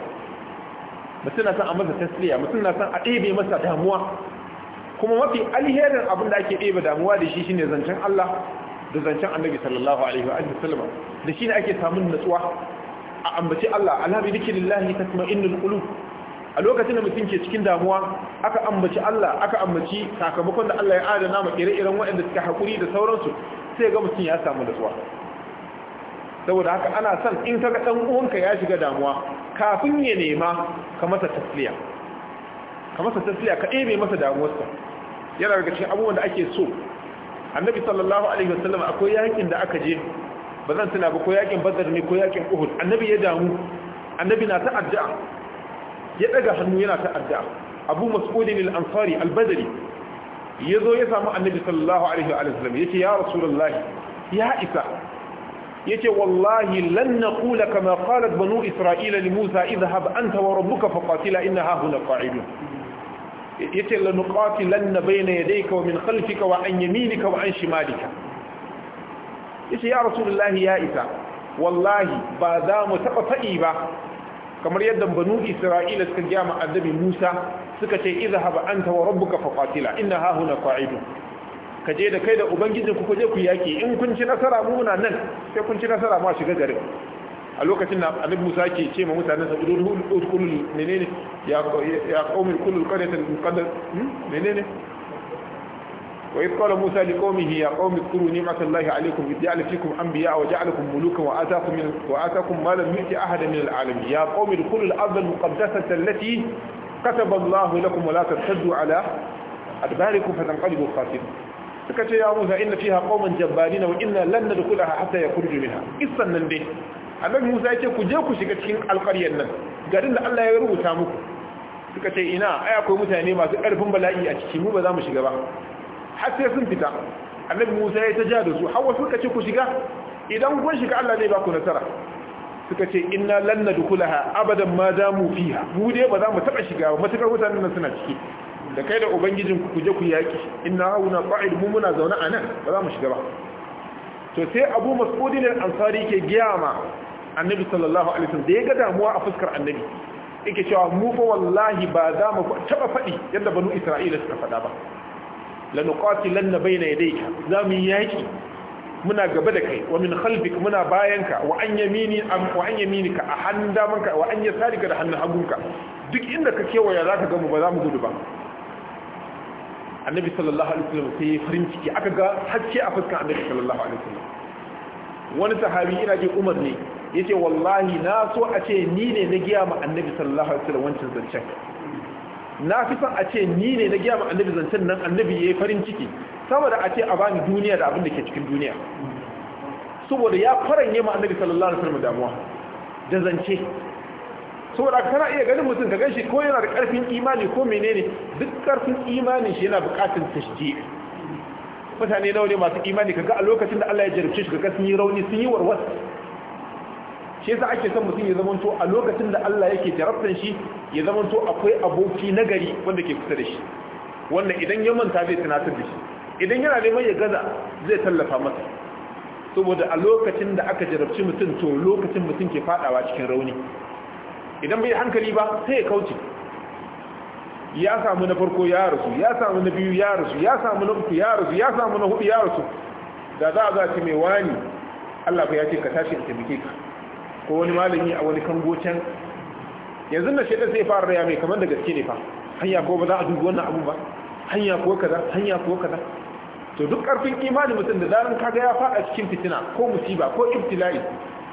mutum na son a masa tasliya mutum na son a ɗebe masa damuwa kuma mafi alherin abin da ake ɗebe damuwa da shi ne zancen Allah da zancen Annabi sallallahu alaihi wa sallam da shi ne ake samun natsuwa a ambaci Allah alhamdulillahi tasma'innul qulub a lokacin da mutum ke cikin damuwa aka ambaci Allah aka ambaci sakamakon da Allah ya adana ma ire-iren waɗanda suka hakuri da sauransu sai ga mutum ya samu nutsuwa saboda haka ana son in ka dan uwanka ya shiga damuwa kafin ya nema ka masa tasliya ka masa tasliya ka ɗebe masa damuwarsa yana daga cikin abubuwan da ake so annabi sallallahu alaihi wasallam akwai yakin da aka je ba zan tuna ba ko yakin badar ne ko yakin uhud annabi ya damu annabi na ta addu'a ya daga hannu yana ta addu'a abu mas'udin al-ansari al-badri yazo ya samu annabi sallallahu alaihi wa sallam yace ya rasulullahi ya isa yace wallahi lan naqula kama qalat banu isra'ila li musa idhhab anta wa rabbuka faqatila inna ha huna qa'idun yace la nuqatilanna bayna yadayka wa min khalfika wa an yaminika wa an shimalika yace ya rasulullahi ya isa wallahi ba za mu taba fa'i ba kamar yadda banu isra'ila suka gaya ma annabi musa suka ce izhaba anta wa rabbuka faqatila inna ha huna qa'idun ka je da kai da ubangijin ku je ku yaki in kun ci nasara mu muna nan sai kun ci nasara ma shiga garin a lokacin da annabi musa ke ce ma mutanen sa udul udul menene ya ya qaumul kullu qaryatan muqaddas hmm? menene وإذ قال موسى لقومه يا قوم اذكروا نعمة الله عليكم إذ جعل فيكم أنبياء وجعلكم ملوكا وآتاكم من وآتاكم ما لم يؤت أحدا من العالمين يا قوم ادخلوا الأرض المقدسة التي كتب الله لكم ولا ترتدوا على أدباركم فتنقلبوا خاسرين سكت يا موسى إن فيها قوما جبارين وإنا لن ندخلها حتى يخرجوا منها قصة به annabi Musa ya ce ku je ku shiga cikin alƙaryar nan garin da Allah ya rubuta muku suka ce ina ai akwai mutane masu ƙarfin bala'i a ciki mu ba za mu shiga ba har sai sun fita annabi Musa ya ta ja da su har wasu kace ku shiga idan kun shiga Allah zai ba ku nasara suka ce inna lan nadkhulaha abadan ma damu fiha mu dai ba za mu taba shiga ba matakar mutanen nan suna ciki da kai da ubangijin ku kuje ku yaki inna hauna qa'id mu muna zauna anan ba za mu shiga ba to sai Abu Mas'ud al-Ansari ke giyama annabi sallallahu alaihi wasallam da ya ga damuwa a fuskar annabi yake cewa mu fa wallahi ba za mu taba faɗi yadda banu Isra'ila suka faɗa ba lanuqatilanna bayna yadayka zamu yaki muna gaba da kai wa min khalfik muna bayanka wa an yamini am wa an yaminika a hannun damanka wa an yasarika da hannun hagunka duk inda ka kewaya zaka ga mu ba za mu gudu ba annabi sallallahu alaihi wasallam sai farin ciki aka ga hacce a fuskan annabi sallallahu alaihi wasallam wani sahabi ina ji Umar ne yace wallahi na so a ce ni ne na giya ma annabi sallallahu alaihi wasallam wancan zancen na fi son a ce ni ne na gyama annabi zancen nan annabi ya yi farin ciki saboda a ce a bani duniya da abin da ke cikin duniya saboda ya yi ma annabi sallallahu alaihi wasallam damuwa da zance saboda kana iya ganin mutum ka ganshi ko yana da karfin imani ko menene duk karfin imanin shi yana bukatun tashji mutane nawa ne masu imani kaga a lokacin da Allah ya jarabce shi kaga sun yi rauni sun yi warwas shi yasa ake son mutum ya zamanto a lokacin da Allah yake jarabtan shi ya zamanto akwai aboki nagari wanda ke kusa da shi wanda idan ya manta zai tunatar da shi idan yana neman ya gaza zai tallafa masa saboda a lokacin da aka jarabci mutum to lokacin mutum ke fadawa cikin rauni idan bai hankali ba sai ya kauce ya samu na farko ya rasu ya samu na biyu ya rasu ya samu na uku ya rasu ya samu na hudu ya rasu da za a za mai wani Allah ya ce ka tashi in taimake ka ko wani malami a wani kango yanzu na shaidar zai fara raya mai kamar da gaske ne fa hanya ko ba za a dubi wannan abu ba hanya ko kaza hanya ko kaza to duk karfin imani mutum da zaran kaga ya fada cikin fitina ko musiba ko ibtila'i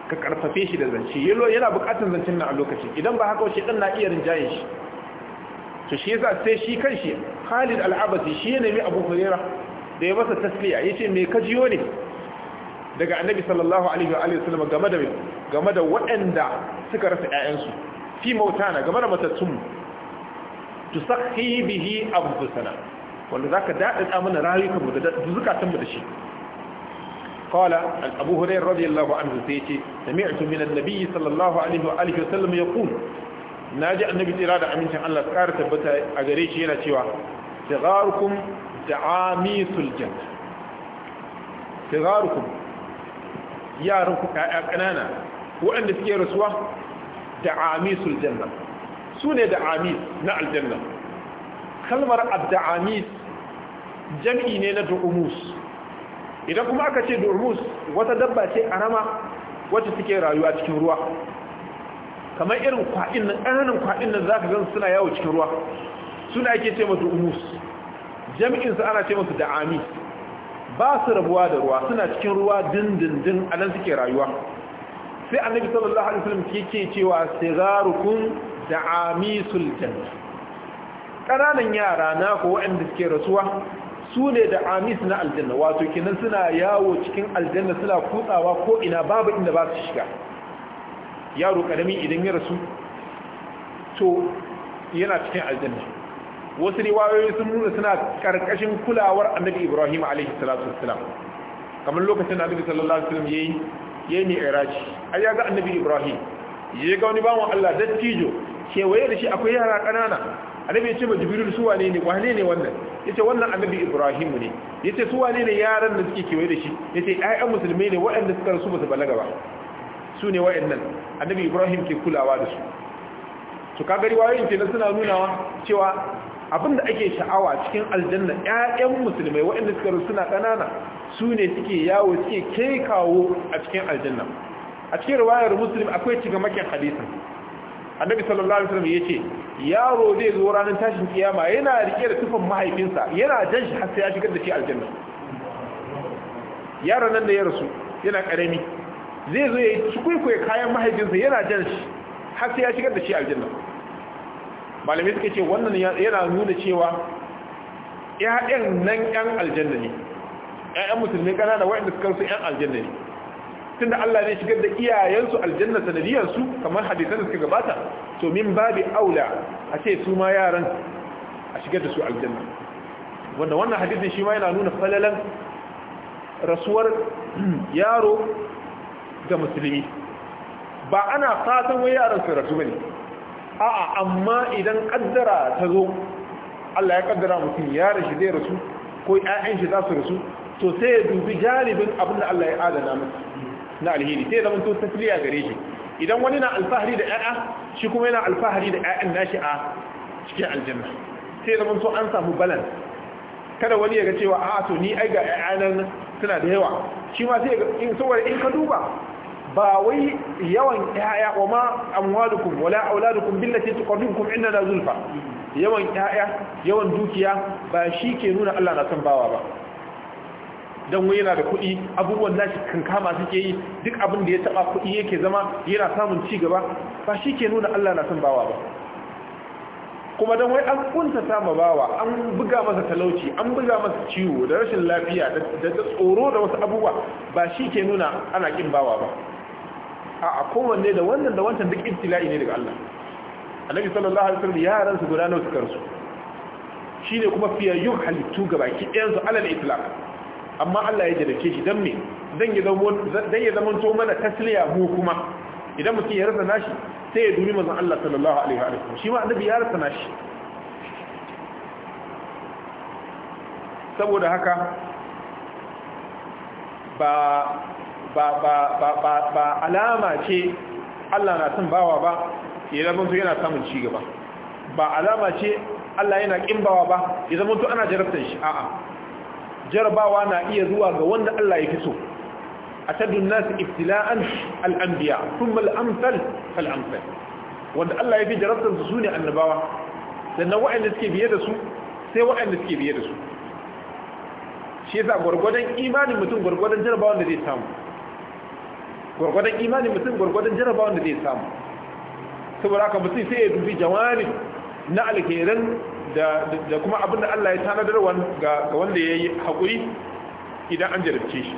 ka karfafe shi da zance yalo yana bukatun zancen nan a lokaci. idan ba haka dan na iya rinjaye shi to shi yasa sai shi kanshi Khalid al-Abasi shi ne mai Abu Hurairah da ya masa tasliya yace me ka jiyo ne daga annabi sallallahu alaihi wa alihi wasallam game da game da waɗanda suka rasa ƴaƴansu fi mautana game da matattun tusakhi bihi anfusana wanda zaka dada mana rayukan mu da zukatan mu da shi قال أبو هريرة رضي الله عنه سيتي سمعت من النبي صلى الله عليه وآله وسلم يقول ناجي النبي إرادة أمين شان الله سكارة تبتا أغريش ينا شوا صغاركم دعاميس الجنة صغاركم yaran ku ƴaƴa ƙanana waɗanda suke rasuwa da amisul janna su ne da amis na aljanna kalmar amis jam'i ne na du'umus idan kuma aka ce du'umus wata dabba ce rama wacce suke rayuwa cikin ruwa kamar irin kwaɗin nan ƙananan kwaɗin nan za ka gan suna yawo cikin ruwa suna ake ce masu umus jami'insu ana ce masu da'amis ba su rabuwa da ruwa suna cikin ruwa dindindin a nan suke rayuwa sai annabi sallallahu alaihi wasallam yake cewa sigarukum da janna ƙananan yara na ko waɗanda suke rasuwa su ne da amis na aljanna wato kenan suna yawo cikin aljanna suna kutsawa ko ina babu inda ba su shiga yaro karami idan ya rasu to yana cikin aljanna wasu riwayoyi sun nuna suna karkashin kulawar annabi ibrahim alaihi salatu wassalam kamar lokacin annabi sallallahu alaihi wasallam yayi yayi mi'raji ai ya ga annabi ibrahim yayi ga wani bawan Allah dattijo kewaye da shi akwai yara ƙanana annabi ya ce ma jibril su wane ne wane ne wannan yace wannan annabi ibrahim ne yace su wane ne yaran da suke kewaye da shi yace ƴaƴan musulmai ne waɗanda suka rasu ba su balaga ba su ne waɗannan annabi ibrahim ke kulawa da su to kaga riwayoyin kenan suna nunawa cewa abinda ake sha'awa cikin aljanna ƴaƴan musulmai waɗanda suka rusu suna ƙanana su ne suke yawo suke kai kawo a cikin aljanna a cikin riwayar muslim akwai makin hadisin annabi sallallahu alaihi wasallam yace yaro zai zo ranar tashin kiyama yana rike da tufan mahaifinsa yana jan shi har sai ya shigar da shi aljanna yaron nan da ya rasu yana karami zai zo ya yi kayan mahaifinsa yana jan shi har sai ya shigar da shi aljanna malamai suka ce wannan yana nuna cewa 'ya'yan nan 'yan aljanna ne ‘ya’yan musulmi kanana waɗanda suka su 'yan aljanna ne tunda Allah ne shigar da iyayensu aljanna sanadiyar kamar hadisan da suka gabata to min babi aula a ce su ma yaran a shigar da su aljanna wanda wannan hadisin shi ma yana nuna falalan rasuwar yaro ga musulmi ba ana fatan wai yaran su rasu bane a'a amma idan kaddara ta zo Allah ya kaddara mutum ya rashi zai rasu ko ƴaƴan shi za su rasu to sai ya dubi jalibin abin da Allah ya adana masa na alheri sai zama to tafiya gare shi idan wani na alfahari da ƴaƴa shi kuma yana alfahari da ƴaƴan nashi a cikin aljanna sai zama to an samu balance kada wani ya ga cewa a'a to ni ai ga ƴaƴan suna da yawa shi ma sai in saboda in ka duba ba wai yawan yaya wa ma amwalukum wala auladukum billati inna la zulfa yawan yaya yawan dukiya ba shi ke nuna Allah na san bawa ba dan wai yana da kuɗi abubuwan nashi kankama suke yi duk abin da ya taba kuɗi yake zama yana samun ci gaba ba shi ke nuna Allah na son bawa ba kuma dan wai an kunta sama bawa an buga masa talauci an buga masa ciwo da rashin lafiya da tsoro da wasu abubuwa ba shi ke nuna ana kin bawa ba a kowanne da wannan da wancan duk ibtila'i ne daga Allah annabi sallallahu alaihi wasallam yaran su guda nawa su. Shi shine kuma fiyayyun halittu gabaki ɗayan su alal itlaq amma Allah ya ke shi dan me dan ya zama dan ya zama to mana tasliya mu kuma idan mutum ya rasa nashi sai ya dubi manzon Allah sallallahu alaihi wasallam shi ma annabi ya rasa nashi saboda haka ba ba alama ce Allah na son bawa ba ya zama su yana samun ci gaba ba alama ce Allah yana kin bawa ba ya zama su ana jarabtar shi a'a jarabawa na iya zuwa ga wanda Allah ya fi so A nas nasu iftila'an al'ambiya sun mal'amtar amsal wanda Allah ya fi jarabtar su sune annabawa sannan wa'anda suke biye da su sai wa'anda suke biye da su shi yasa gwargwadon imanin mutum gwargwadon jarabawan da zai samu gwargwadon imanin mutum gwargwadon jarabawan da zai samu saboda haka mutum sai ya dubi jawari na alheran da kuma abin da Allah ya tanadar ga wanda ya yi haƙuri idan an jarabce shi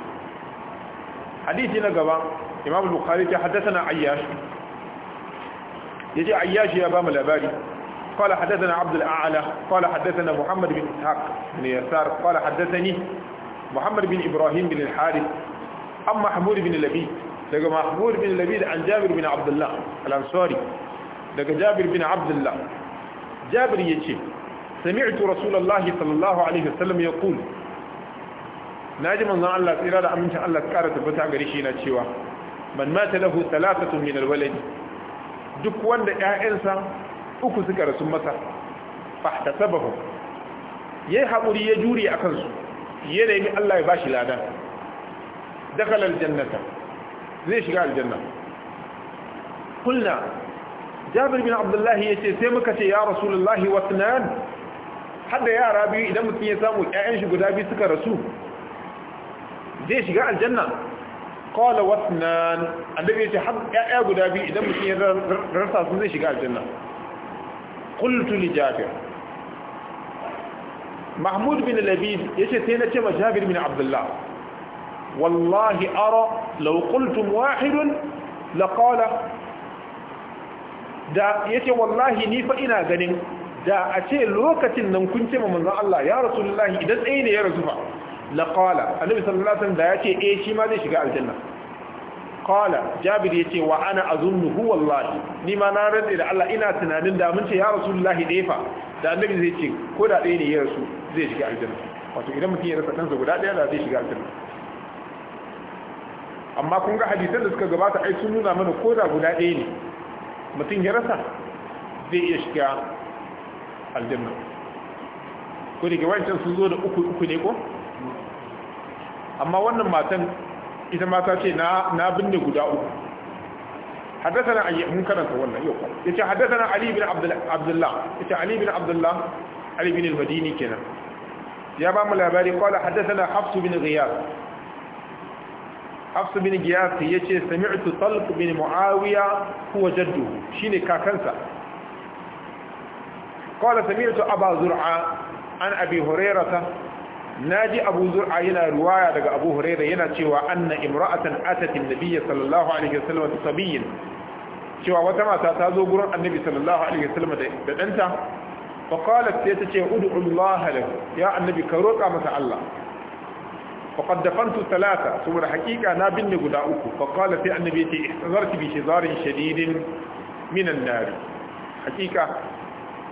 hadisi na gaba imam bukari ta haddasa na ayyashi ya ce ayyashi ya ba mu labari قال حدثنا عبد الأعلى قال حدثنا محمد بن إسحاق بن يسار قال حدثني محمد بن إبراهيم بن الحارث أم محمود بن لبيد daga mahmud bin labid an jabir bin abdullah al-ansari daga jabir bin abdullah jabir yace sami'tu rasulullahi sallallahu alaihi wasallam yaqul naji manzon Allah tsira da amincin Allah tsara tabbata gare shi na cewa man mata lahu thalathatu min alwalad duk wanda ƴaƴansa uku suka rasu masa fahtasabahu yayi hakuri ya jure akan su yayi Allah ya bashi lada dakhala jannata. zai shiga aljanna kulna jabir bin abdullahi ya ce sai muka ce ya rasulullahi wasnan hada yara biyu idan mutum ya samu ƴaƴan shi guda biyu suka rasu zai shiga aljanna qala wasnan annabi ya ce har ƴaƴa guda biyu idan mutum ya rasa su zai shiga aljanna qultu li jabir mahmud bin labib ya ce sai na ce ma jabir bin Abdullahi. wallahi ara law wahidun laqala da yace wallahi ni fa ina ganin da a ce lokacin nan kun ce manzon Allah ya rasulullahi idan tsaye ne ya rasu fa laqala annabi sallallahu alaihi wasallam da yace eh shi ma zai shiga aljanna qala jabir yace wa ana azunnuhu wallahi ni ma na rantsa da Allah ina tunanin da mun ce ya rasulullahi dai fa da annabi zai ce ko da ɗaya ne ya rasu zai shiga aljanna wato idan kansa guda ɗaya da zai shiga aljanna amma kun ga hadisan da suka gabata ai sun nuna mana ko da guda ɗaya ne mutum ya rasa zai iya shiga aljanna ko da ke wancan sun zo da uku uku ne ko amma wannan matan ita ma ta ce na binne guda uku حدثنا علي من كان تولى يقول يتي حدثنا علي بن عبد عبد الله يتي علي بن عبد الله علي بن المديني كنا يا labari الاباري قال حدثنا حفص بن غياث hafsu bin giyasi ya ce sami'tu talq bin muawiya huwa jaddu shine kakansa qala sami'tu aba zur'a an abi na naji abu zur'a yana ruwaya daga abu hurairah yana cewa anna imra'atan atat an-nabiy sallallahu alaihi wasallam tabiyin cewa wata mata ta zo gurin annabi sallallahu alaihi wasallam da danta fa qalat sai ta ce ud'u Allah lahu ya annabi ka roka masa Allah faqad dafantu thalatha saboda haƙiƙa na binne guda uku fa qala fi annabi ta ihzarti bi shizarin shadidin min an-nar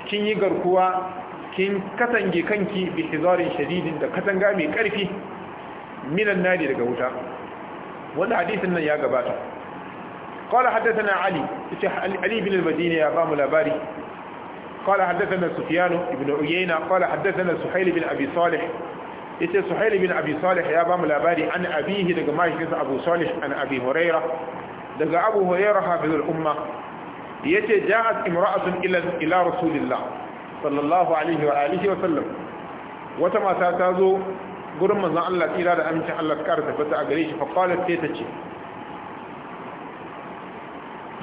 kin yi garkuwa kin katange kanki bi zarin shadidin da katanga mai karfi minan an daga wuta wannan hadisin nan ya gabata قال ce علي bin بن المديني يا بام labari. قال حدثنا na بن عيينة قال حدثنا سحيل بن أبي صالح yace suhail bin abi salih ya ba mu labari an abihi daga mahaifinsa abu salih an abi huraira daga abu huraira hafizul umma yace ja'at imra'atun ila ila rasulillah sallallahu alaihi wa alihi wa sallam wata mata ta zo gurin manzon Allah tsira da amincin Allah ta kara tabbata a gare shi fa qalat sai ta ce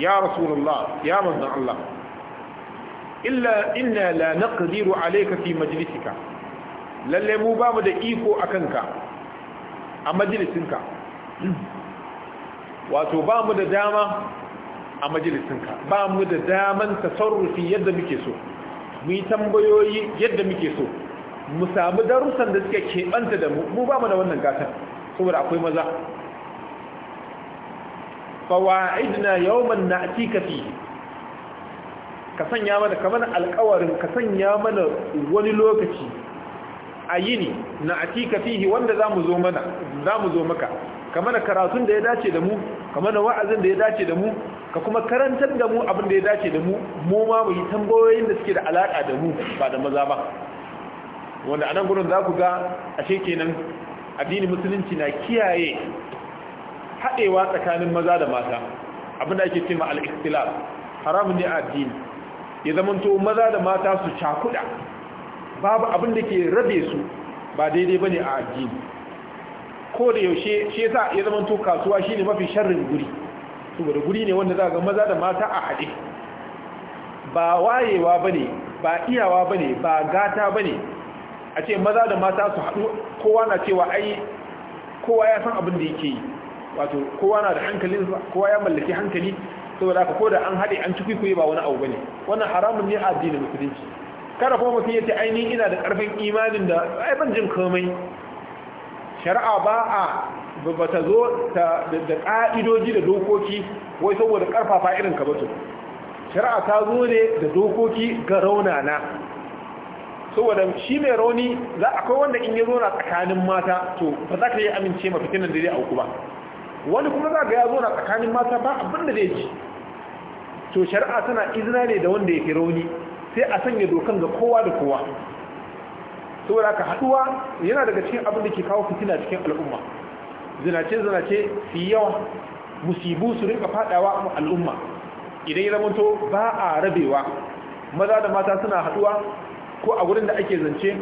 ya rasulullah ya manzon Allah illa inna la naqdiru alayka fi majlisika lalle mu ba mu da iko a kanka a majalisinka wato ba mu da dama a majalisinka ba mu da daman tasarrufi yadda muke so mu yi tambayoyi yadda muke so mu samu darussan da suke keɓanta da mu mu ba mu da wannan gatan saboda akwai maza fawa'idna yawman na'tika fi ka sanya mana kamar alƙawarin ka sanya mana wani lokaci a yini na atika fihi wanda zamu zo mana zamu zo maka kamar karatun da ya dace da mu kamar wa'azin da ya dace da mu ka kuma karantar da mu abin da ya dace da mu mu ma mu yi tambayoyin da suke da alaka da mu ba da maza ba wanda anan gurin za ku ga ashe kenan addini musulunci na kiyaye haɗewa tsakanin maza da mata abin da ake cewa al-ikhtilaf haramun ne a addini ya zamanto maza da mata su cakuda babu abin da ke rabe su ba daidai ba ne a addini ko da yaushe shi sa ya zama to kasuwa shine mafi sharrin guri saboda guri ne wanda za ga maza da mata a haɗe ba wayewa ba ne, ba iyawa ba ne, ba gata ba ne. a ce maza da mata su haɗu kowa na cewa ai kowa ya san abin da yake yi wato kowa na da hankalin kowa ya mallaki hankali saboda ka ko da an haɗe an ci ba wani abu ba ne. wannan haramun ne a addinin musulunci kada kuma mutum yace ainihin ina da karfin imanin da ai ban jin komai shari'a ba a ba ta zo da ka'idoji da dokoki wai saboda karfafa irin ka bato shari'a ta zo ne da dokoki ga raunana saboda shi mai rauni za akwai wanda in ya zo na tsakanin mata to ba za ka yi amince ma fitinan da zai auku ba wani kuma za ka ya zo na tsakanin mata ba abin zai ji to shari'a tana izina ne da wanda ya fi rauni sai a sanya dokan ga kowa da kowa saboda ka haduwa yana daga cikin abin da ke kawo fitina cikin al'umma zinace zinace su yawa musibu su rinka fadawa a al'umma idan ya zamanto ba a rabewa maza da mata suna haduwa ko a gurin da ake zance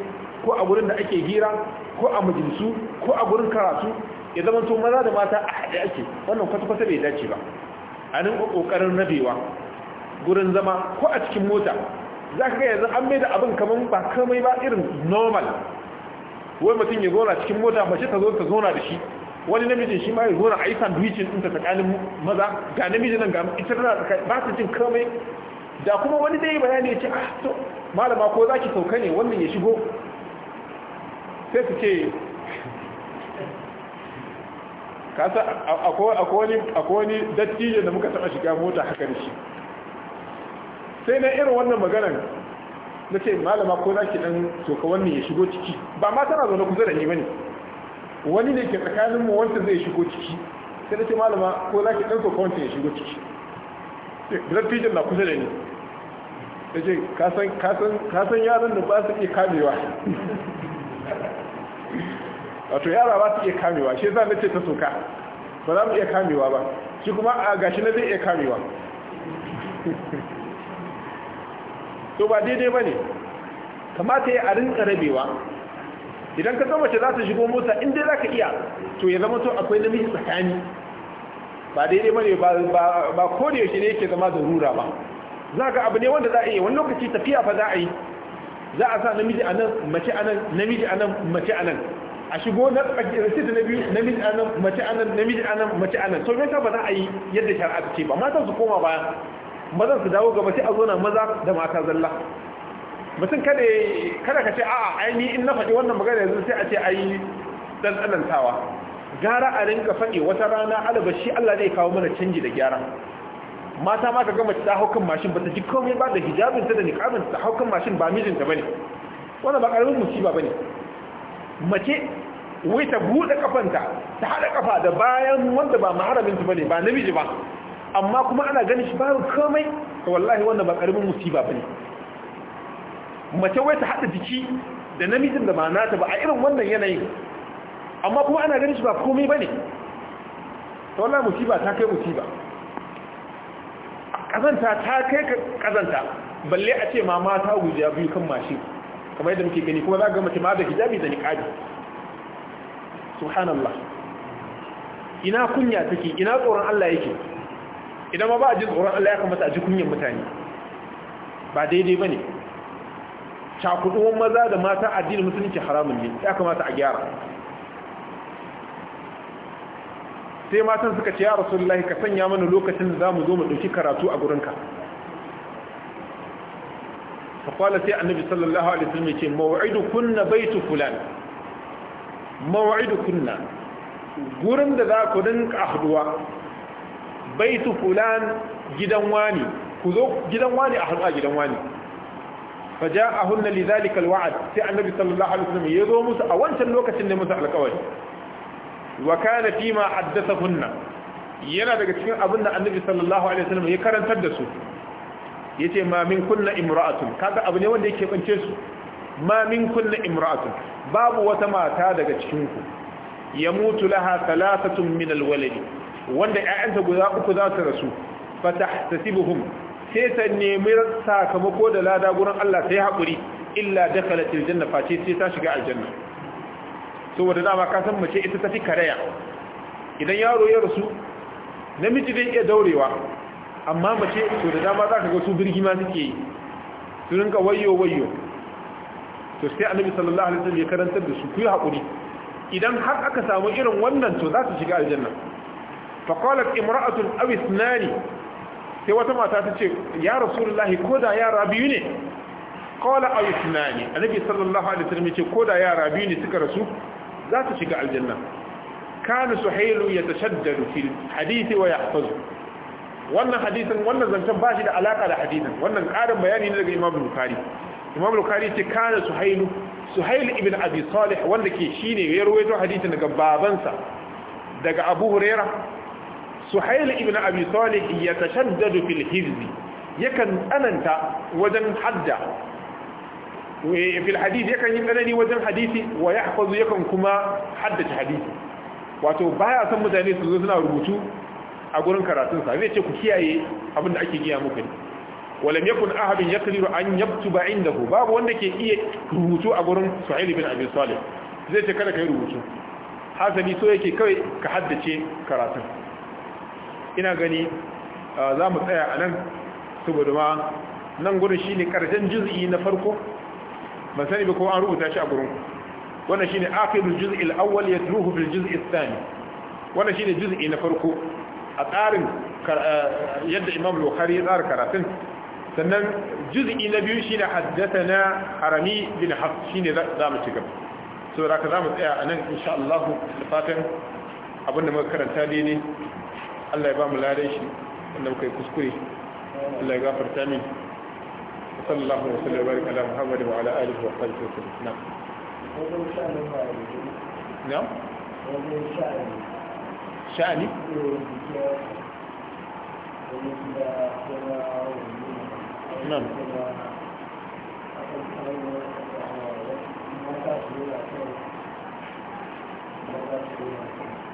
ko a gurin da ake gira ko a majinsu ko a gurin karatu ya zamanto maza da mata a haɗe ake wannan kwata-kwata bai dace ba a nan ƙoƙarin rabewa gurin zama ko a cikin mota za ka yanzu an mai da abin kamar ba kamai ba irin normal wani mutum ya zona cikin mota mace ta zo ta zona da shi wani namijin shi ma ya zona a yi sandwichin ɗinta tsakanin maza ga namijin nan ga ita na ba su jin kamai da kuma wani dai bayani ya ce ah to malama ko za ki sauka ne wannan ya shigo sai su ce kasa akwai wani dattijo da muka taɓa shiga mota haka da shi sai na irin wannan magana na ce malama ko zaki dan soka wannan ya shigo ciki ba ma tana zaune kusa da ni bane wani ne ke tsakanin mu wanda zai shigo ciki sai na ce malama ko zaki dan soka wannan ya shigo ciki blood rafijin na kusa da ni ta ce ka san yaran da ba su iya kamewa wato yara ba su iya kamewa shi za na ce ta soka ba za mu iya kamewa ba shi kuma a gashi na zai iya kamewa to ba daidai ba ne kamata ya arin karabewa idan ka mace za ta shigo mota in dai za ka iya to ya zama to akwai namiji tsakani ba daidai ba ne ba ko da yaushe ne yake zama zarura ba za ga abu ne wanda za a iya wani lokaci tafiya fa za a yi za a sa namiji a nan mace a nan namiji a nan mace a nan a shigo na rasit na biyu namiji a nan mace a nan namiji a nan mace a nan to me ba za a yi yadda shari'a ta ce ba mata su koma ba. mazan su dawo gaba sai a zona maza da mata zalla mutum kada kada ka ce a'a ai ni in na faɗi wannan magana yanzu sai a ce ai dan tsanantawa gara a rinka faɗi wata rana alabashi Allah zai kawo mana canji da gyara mata ma ka ga mace ta haukan mashin ba ta ji komai ba da hijabin ta da niqabin ta haukan mashin ba mijinta bane wannan ba karamin musiba bane mace wai ta bude kafanta ta hada kafa da bayan wanda ba maharamin ta bane ba namiji ba amma kuma ana ganin shi babu komai wallahi wannan ba karimin musiba bane mace wai ta hada jiki da namijin da ba nata ba a irin wannan yanayin amma kuma ana ganin shi ba komai bane to wallahi musiba ta kai musiba kazanta ta kai kazanta balle a ce ma mata ya biyu kan mashin kamar yadda muke gani kuma za ga mace ma da hijabi da niqabi subhanallah ina kunya take ina tsoron Allah yake idan ma ba a ji tsoron Allah ya kamata a ji kunyan mutane ba daidai ba ne cakuduwan maza da mata addinin musulunci haramun ne ya kamata a gyara sai matan suka ce ya rasulullahi ka sanya mana lokacin da za mu zo mu ɗauki karatu a gurinka ta kwallo sai annabi sallallahu alaihi wasallam ce mawa'idu kunna baitu fulan mawa'idu kunna gurin da za ku dinka haduwa baitu fulan gidan wani ku zo gidan wani a haɗu a gidan wani a hunna فجاءهن لذلك الوعد سي النبي صلى الله عليه ya zo musu a wancan lokacin ne musa alƙawari wa kana fima haddathahunna yana daga cikin abin da annabi sallallahu alaihi wasallam ya karantar da su yace ma min kunna imra'atun kaga abu ne wanda yake bance su ma min kunna imra'atun babu wata mata daga cikin ku mutu laha thalathatun min alwaladi wanda 'ya'yanta guda uku za su rasu fatahsibuhum sai ta nemi sakamako da lada gurin Allah sai hakuri illa dakhalat janna face sai ta shiga aljanna saboda dama ka san mace ita tafi karaya idan yaro ya rasu namiji zai iya daurewa amma mace to da dama za ka ga su ma suke yi su rinka wayo wayo to sai annabi sallallahu alaihi wasallam ya karantar da su ku yi hakuri idan har aka samu irin wannan to za su shiga aljanna faƙalar imra'atun awis nani sai wata mata ta ce ya rasulullahi ko da yara biyu ne ƙawala awis nani annabi sallallahu alaihi wasallam ce ko da yara biyu ne suka rasu za su shiga aljanna kana suhailu ya tashaddadu fil hadisi wa yahfazu wannan hadisin wannan zancen ba shi da alaƙa da hadisin wannan ƙarin bayani ne daga imam bukhari imam bukhari ce kana suhailu suhail ibn abi salih wanda ke shine ya rawaito hadisin daga babansa daga abu huraira suhail ibn abi salih ya tashaddadu fil hizbi yakan tsananta wajen hadda fil yakan yi tsanani wajen hadisi wa yahfazu yakan kuma haddace hadisi wato baya son mutane su zo suna rubutu a gurin karatun sa zai ce ku kiyaye abin da ake giya muku walam yakun ahadun yaqdiru an yaktuba indahu babu wanda ke iya rubutu a gurin suhail ibn abi salih zai ce kada kai rubutu hasali so yake kai ka haddace karatun ina gani za mu tsaya a nan saboda ma nan gudun shi ne ƙarshen juz'i na farko ban sani ba ko an rubuta shi a gurin wannan shi ne akidul juz'il awwal ya turuhu fil juz'il thani wannan shi ne juz'i na farko a tsarin yadda imam Lokari ya tsara karatun sannan juz'i na biyu shi ne haddasa na harami bin shi ne za mu cigaba saboda ka za mu tsaya a nan insha Allah da fatan abinda muka karanta daidai Allah ya ba mu ladan shi wanda muka yi kuskure Allah ya gafarta min sallallahu alaihi wa baraka ala Muhammad wa ala alihi wa sahbihi wa sallam na'am na'am sha'ani na'am Thank you.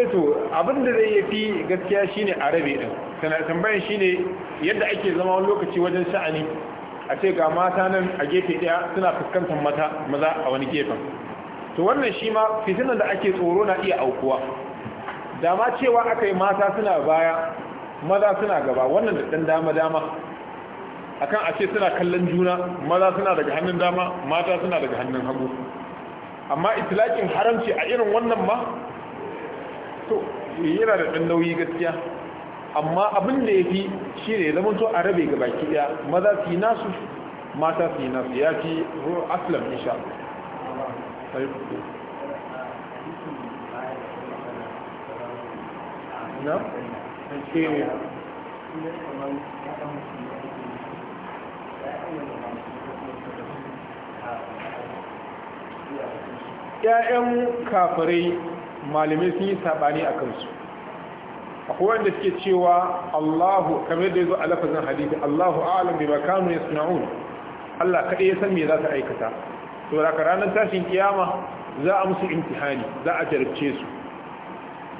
eto eh abinda zai yi fi gaskiya shine arabe din tambayan ne yadda ake zama wani lokaci wajen sha'ani a ce ga mata nan a gefe ɗaya suna fuskantar mata maza a wani gefen to wannan shi ma fitinan da ake tsoro na iya aukuwa da ma cewa aka yi mata suna baya maza suna gaba wannan da ɗan dama dama akan a ce suna kallon juna maza suna daga hannun dama mata suna daga hannun hagu amma itilakin haramci a irin wannan ma to yana da ɗan nauyi gaskiya amma abin da ya fi shi ne zama to a rabe ga baki daya maza su nasu mata su nasu ya fi aslam isha ‘ya'yan kafirai malamai sun yi saɓani a kansu akwai wanda suke cewa Allahu kamar da yazo a lafazin hadisi Allahu a'lam bima kanu yasna'un Allah kadai ya san me za su aikata to daga ranar tashin kiyama za a musu imtihani za a jarabce su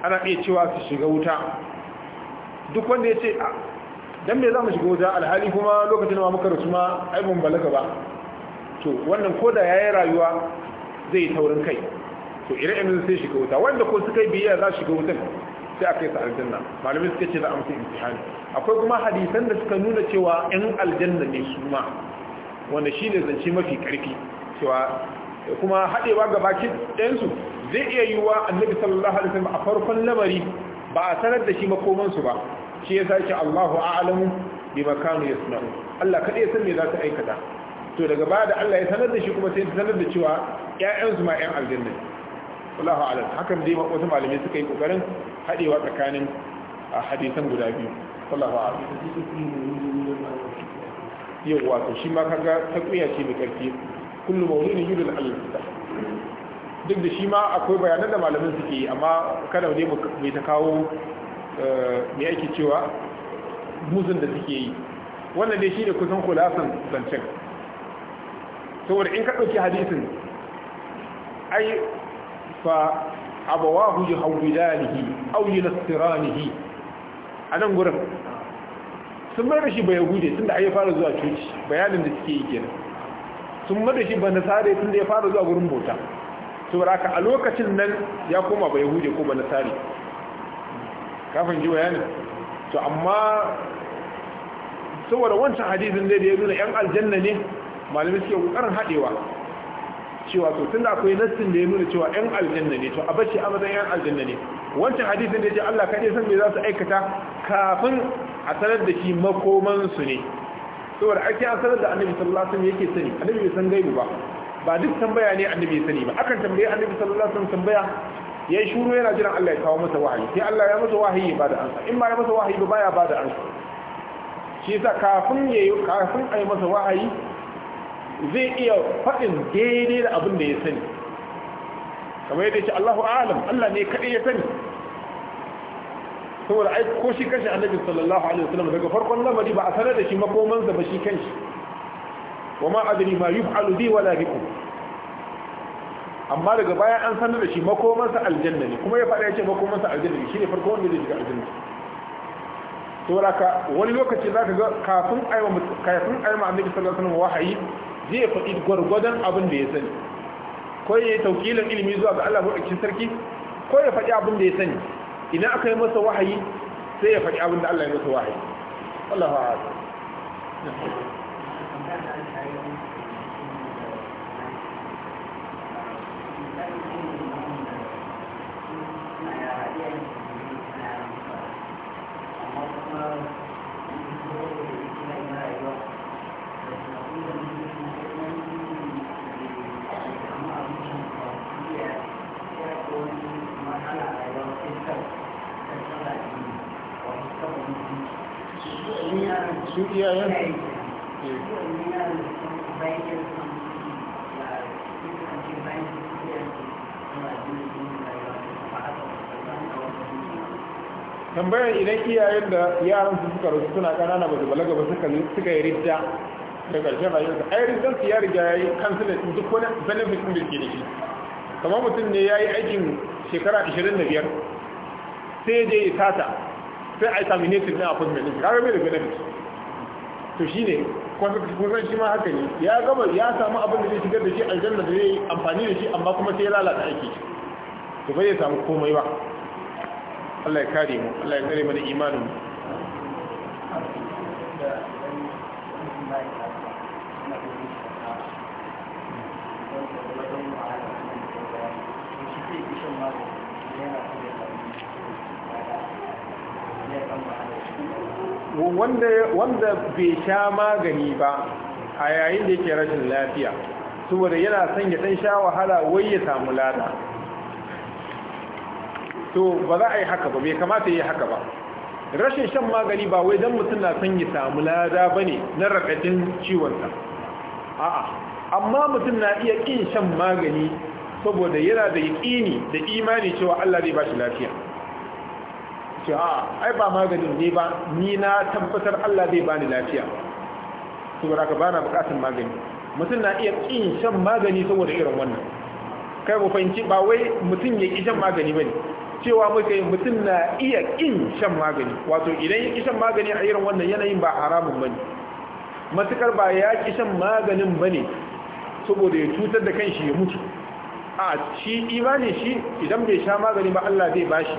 ana iya cewa su shiga wuta duk wanda ya ce dan me za mu shiga wuta alhali kuma lokacin da muka rasu ma ai mun balaga ba to wannan koda yayi rayuwa zai taurin kai to ire-iren sai shiga wuta wanda ko suka yi biyayya za su shiga wutan sai aka yi su aljanna malami suka ce za a mutu imtihani akwai kuma hadisan da suka nuna cewa yan aljanna ne su ma wanda shi ne zance mafi karfi cewa kuma haɗewa ga baki ɗansu zai iya wa annabi sallallahu alaihi wasallam a farkon lamari ba a sanar da shi makoman su ba shi yasa yake Allahu a'lamu bi makanu yasna'u Allah kada ya san me za su aikata to daga baya da Allah ya sanar da shi kuma sai sanar da cewa ƴaƴansu ma ƴan aljanna Allahu a'lam hakan dai wasu malamai suka yi kokarin Hadewa tsakanin a hadisan guda biyu sallahu alaihi yawwa to shi ma kaga taqiya ce mai karfi Kullum mawlidin ne al-fitr duk da shi ma akwai bayanan da malamin suke yi amma kada ne mu ta kawo eh, mai ake cewa muzin da suke yi wannan dai shi ne kusan kulasan zancen saboda in ka ɗauki hadisin ai fa abawahu yuhawwilanihi aw yunasiranihi a nan gurin sun mai da shi ba yahude tun da ya fara zuwa coci bayanin da suke yi kenan sun mai shi ba nasare tun da ya fara zuwa gurin bauta saboda haka a lokacin nan ya koma ba yahude ko ba nasare kafin ji bayanin to amma saboda wancan hadisin da ya nuna yan aljanna ne malamai suke kokarin haɗewa cewa to tun da akwai nassin da ya nuna cewa yan aljanna ne to a bace a matsayin yan aljanna ne wancan hadisin da ya ce Allah kaɗai san me za su aikata kafin a sanar da shi makoman su ne saboda ake an sanar da annabi sallallahu alaihi wasallam yake sani annabi bai san gaibu ba ba duk tambaya ne annabi ya sani ba akan tambaye annabi sallallahu alaihi wasallam tambaya yayi shuru yana jiran Allah ya kawo masa wahayi sai Allah ya masa wahayi ba da ansa in ma ya masa wahayi ba baya ba da ansa shi yasa kafin yayi kafin ai masa wahayi zai iya faɗin daidai da abin da ya sani kamar yadda ce Allahu alam Allah ne kaɗai ya sani saboda ai ko shi kashi annabi sallallahu alaihi wasallam daga farkon lamari ba a sanar da shi makoman ba shi kanshi wa ma adri ma yuf'alu bi wala bikum amma daga baya an sanar da shi makomansa aljanna ne kuma ya faɗa ya ce makomansa aljanna ne shine farkon wanda zai shiga aljanna saboda ka wani lokaci zaka ga kafin ayyama kafin ayyama annabi sallallahu alaihi wasallam wahayi zai faɗi gwargwadon abin da ya sani ko ya yi taukilin ilimi zuwa ga Allah maɗaukin sarki ko ya faɗi abin da ya sani idan aka yi masa wahayi sai ya faɗi abin da Allah ya masa wahayi wallahu a'ala Thank you. iyayen da yaran su suka rasu suna kanana ba su balaga ba suka suka yi ridda da ƙarshen rayuwarsa ai riddar su ya riga ya yi kansu duk wani benefit ɗin da ke da shi kamar mutum ne ya yi aikin shekara 25 sai je ya sata sai a yi terminated na appointment ɗin ga mai da benefit to shi ne kusan shi ma haka ne ya gama ya samu abin da zai shigar da shi aljanna da zai amfani da shi amma kuma sai ya lalata aiki to bai ya samu komai ba Allah ya kare mu Allah ya mu da imanin mu wanda bai sha magani ba a yayin da yake rashin lafiya saboda yana son ya dan sha wahala wai ya samu lada to ba za a yi haka ba bai kamata yi haka ba rashin shan magani ba wai don mutum na son ya samu lada ba ne na raɗaɗin ciwonsa a'a amma mutum na iya ƙin shan magani saboda yana da yaƙini da imani cewa Allah zai ba shi lafiya ce a'a ai ba maganin ne ba ni na tabbatar Allah zai ba ni lafiya saboda ka bana buƙatar magani mutum na iya ƙin shan magani saboda irin wannan kai mu fahimci ba wai mutum ya ƙi shan magani ba ne cewa muka yi mutum na iya ƙin shan magani wato idan ya ƙi shan magani a irin wannan yanayin ba haramun bane matukar ba ya ƙi shan maganin bane saboda ya cutar da kanshi ya mutu a shi imani shi idan bai sha magani ba Allah zai bashi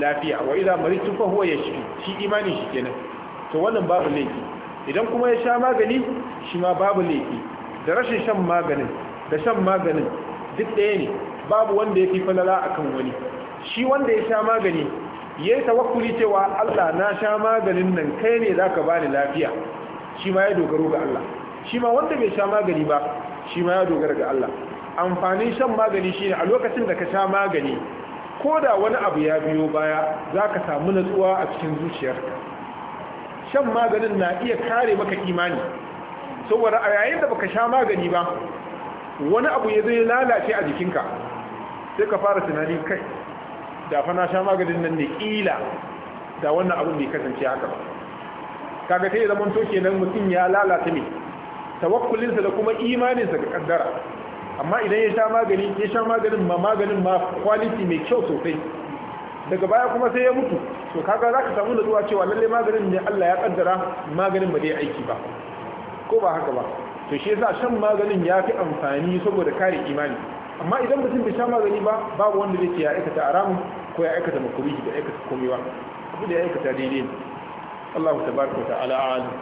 lafiya wa idan maritu fa huwa yashfi shi imani shi kenan to wannan babu laifi idan kuma ya sha magani shi ma babu laifi da rashin shan maganin da shan maganin duk ɗaya ne babu wanda ya fi falala akan wani shi wanda ya sha magani ya yi tawakuli cewa Allah na sha maganin nan kai ne za zaka bani lafiya shi ma ya dogaro ga Allah shi ma wanda bai sha magani ba shi ma ya dogara ga Allah amfanin shan magani shine a lokacin da ka sha magani ko da wani abu ya biyo baya za ka samu natsuwa a cikin zuciyarka shan maganin na iya kare maka imani saboda a yayin da baka sha magani ba wani abu ya zai lalace a jikinka sai ka fara tunanin kai da fa na sha maganin nan ne kila da wannan abin bai kasance haka ba kaga sai zaman to kenan mutum ya lalata ne tawakkulinsa da kuma imaninsa ga kaddara amma idan ya sha magani ya sha maganin ma maganin ma quality mai kyau sosai daga baya kuma sai ya mutu to kaga zaka samu nutsuwa cewa lalle maganin ne Allah ya kaddara maganin ba zai aiki ba ko ba haka ba to shi yasa shan maganin ya fi amfani saboda kare imani amma idan mutum bai sha magani ba babu wanda zai ce ya aikata haramun ko ya aikata makruhi da aikata komai ba abu da ya aikata daidai ne Allah tabaraka wa ta'ala a'lam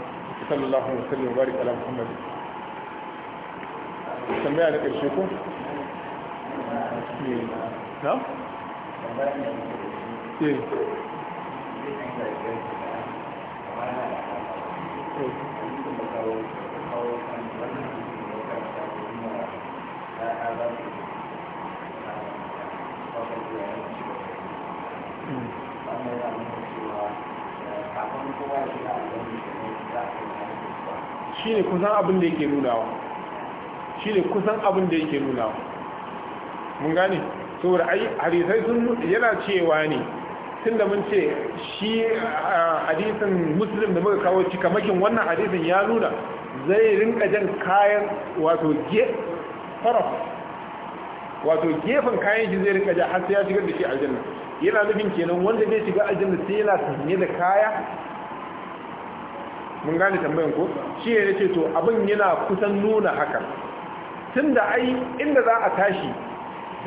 sallallahu alaihi wa sallam wa barik ala muhammad tambaya na karshe ko na eh Thank eh. you. shi ne kusan abin da yake nunawa shi ne kusan abin da yake nunawa mun gane saboda ai hadisai sun yana cewa ne tun da mun ce shi hadisin muslim da muka kawo cikamakin wannan hadisin ya nuna zai rinka jan kayan wato taraf wato gefen kayan shi zai rika ja har sai ya shigar da shi aljanna yana nufin kenan wanda zai shiga aljanna sai yana sanye da kaya mun gane tambayan ko shi ne ce to abin yana kusan nuna haka tunda ai inda za a tashi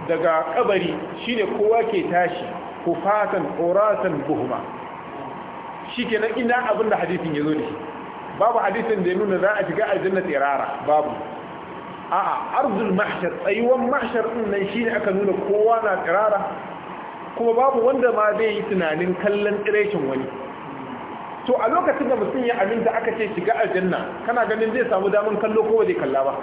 daga kabari shine kowa ke tashi kufatan uratan buhuma shikenan ina abin da hadisin zo da shi babu hadisin da ya nuna za a shiga aljanna tsirara babu a'a arzul mahshar tsayuwan mahshar din nan shine aka nuna kowa na tsirara kuma babu wanda ma bai yi tunanin kallon tsirashin wani to a lokacin da mutum ya aminta aka ce shiga aljanna kana ganin zai samu daman kallo ko bai kalla ba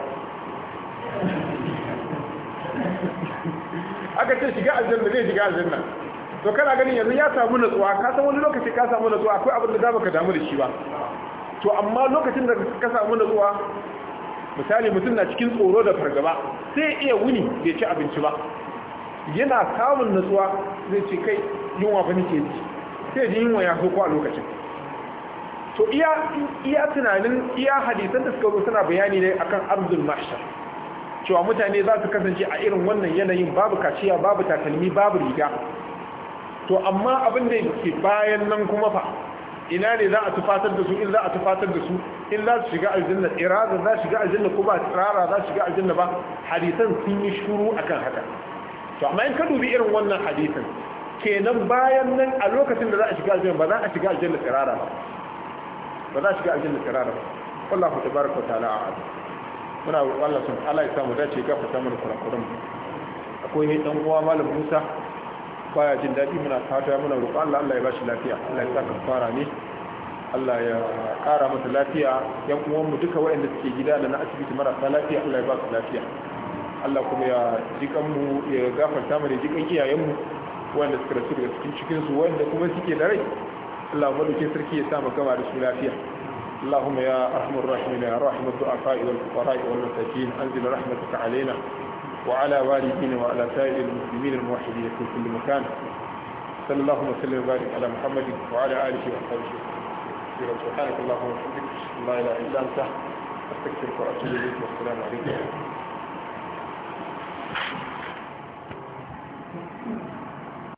aka ce shiga aljanna zai shiga aljanna to kana ganin yanzu ya samu natsuwa ka san wani lokaci ka samu natsuwa akwai abin da za ka damu da shi ba to amma lokacin da ka samu natsuwa misali mutum na cikin tsoro da fargaba sai iya wuni bai ci abinci ba yana samun nutsuwa zai ce kai yunwa fa nake ji sai ji yunwa ya hauko a lokacin to iya iya tunanin iya hadisan da suka zo suna bayani ne akan arzul mashar cewa mutane za su kasance a irin wannan yanayin babu kaciya babu takalmi babu riga to amma abin da ke bayan nan kuma fa ina ne za a tufatar da su in za a tufatar da su in za su shiga aljanna irada za shiga aljanna ko ba tsirara za shiga aljanna ba hadisan sun yi shuru akan haka to amma in ka dubi irin wannan hadisan kenan bayan nan a lokacin da za a shiga aljanna ba za a shiga aljanna tsirara ba ba za a shiga aljanna tsirara ba wallahu tabaraka wa ta'ala a'ad muna roƙon Allah subhanahu wa ta'ala ya samu dace gafarta mana kurakuran akwai dan uwa malam Musa baya jin daɗi muna fata muna roƙo Allah Allah ya bashi lafiya Allah ya sa kafara ne Allah ya ƙara masa lafiya yan uwanmu duka waɗanda suke gida da na asibiti marasa lafiya Allah ya ba su lafiya Allah kuma ya jikan mu ya gafarta mu da jikan iyayen mu waɗanda suka rasu daga cikin cikin su waɗanda kuma suke da rai Allah madaukin sarki ya sa mu gama da su lafiya اللهم يا أرحم الراحمين يا راحم الضعفاء والفقراء والمساكين أنزل رحمتك علينا وعلى والدين وعلى سائر المسلمين الموحدين في كل مكان صلى الله وسلم وبارك على محمد وعلى آله وصحبه سبحانك اللهم وبحمدك لا إله إلا أنت أستغفرك وأتوب إليك والسلام عليكم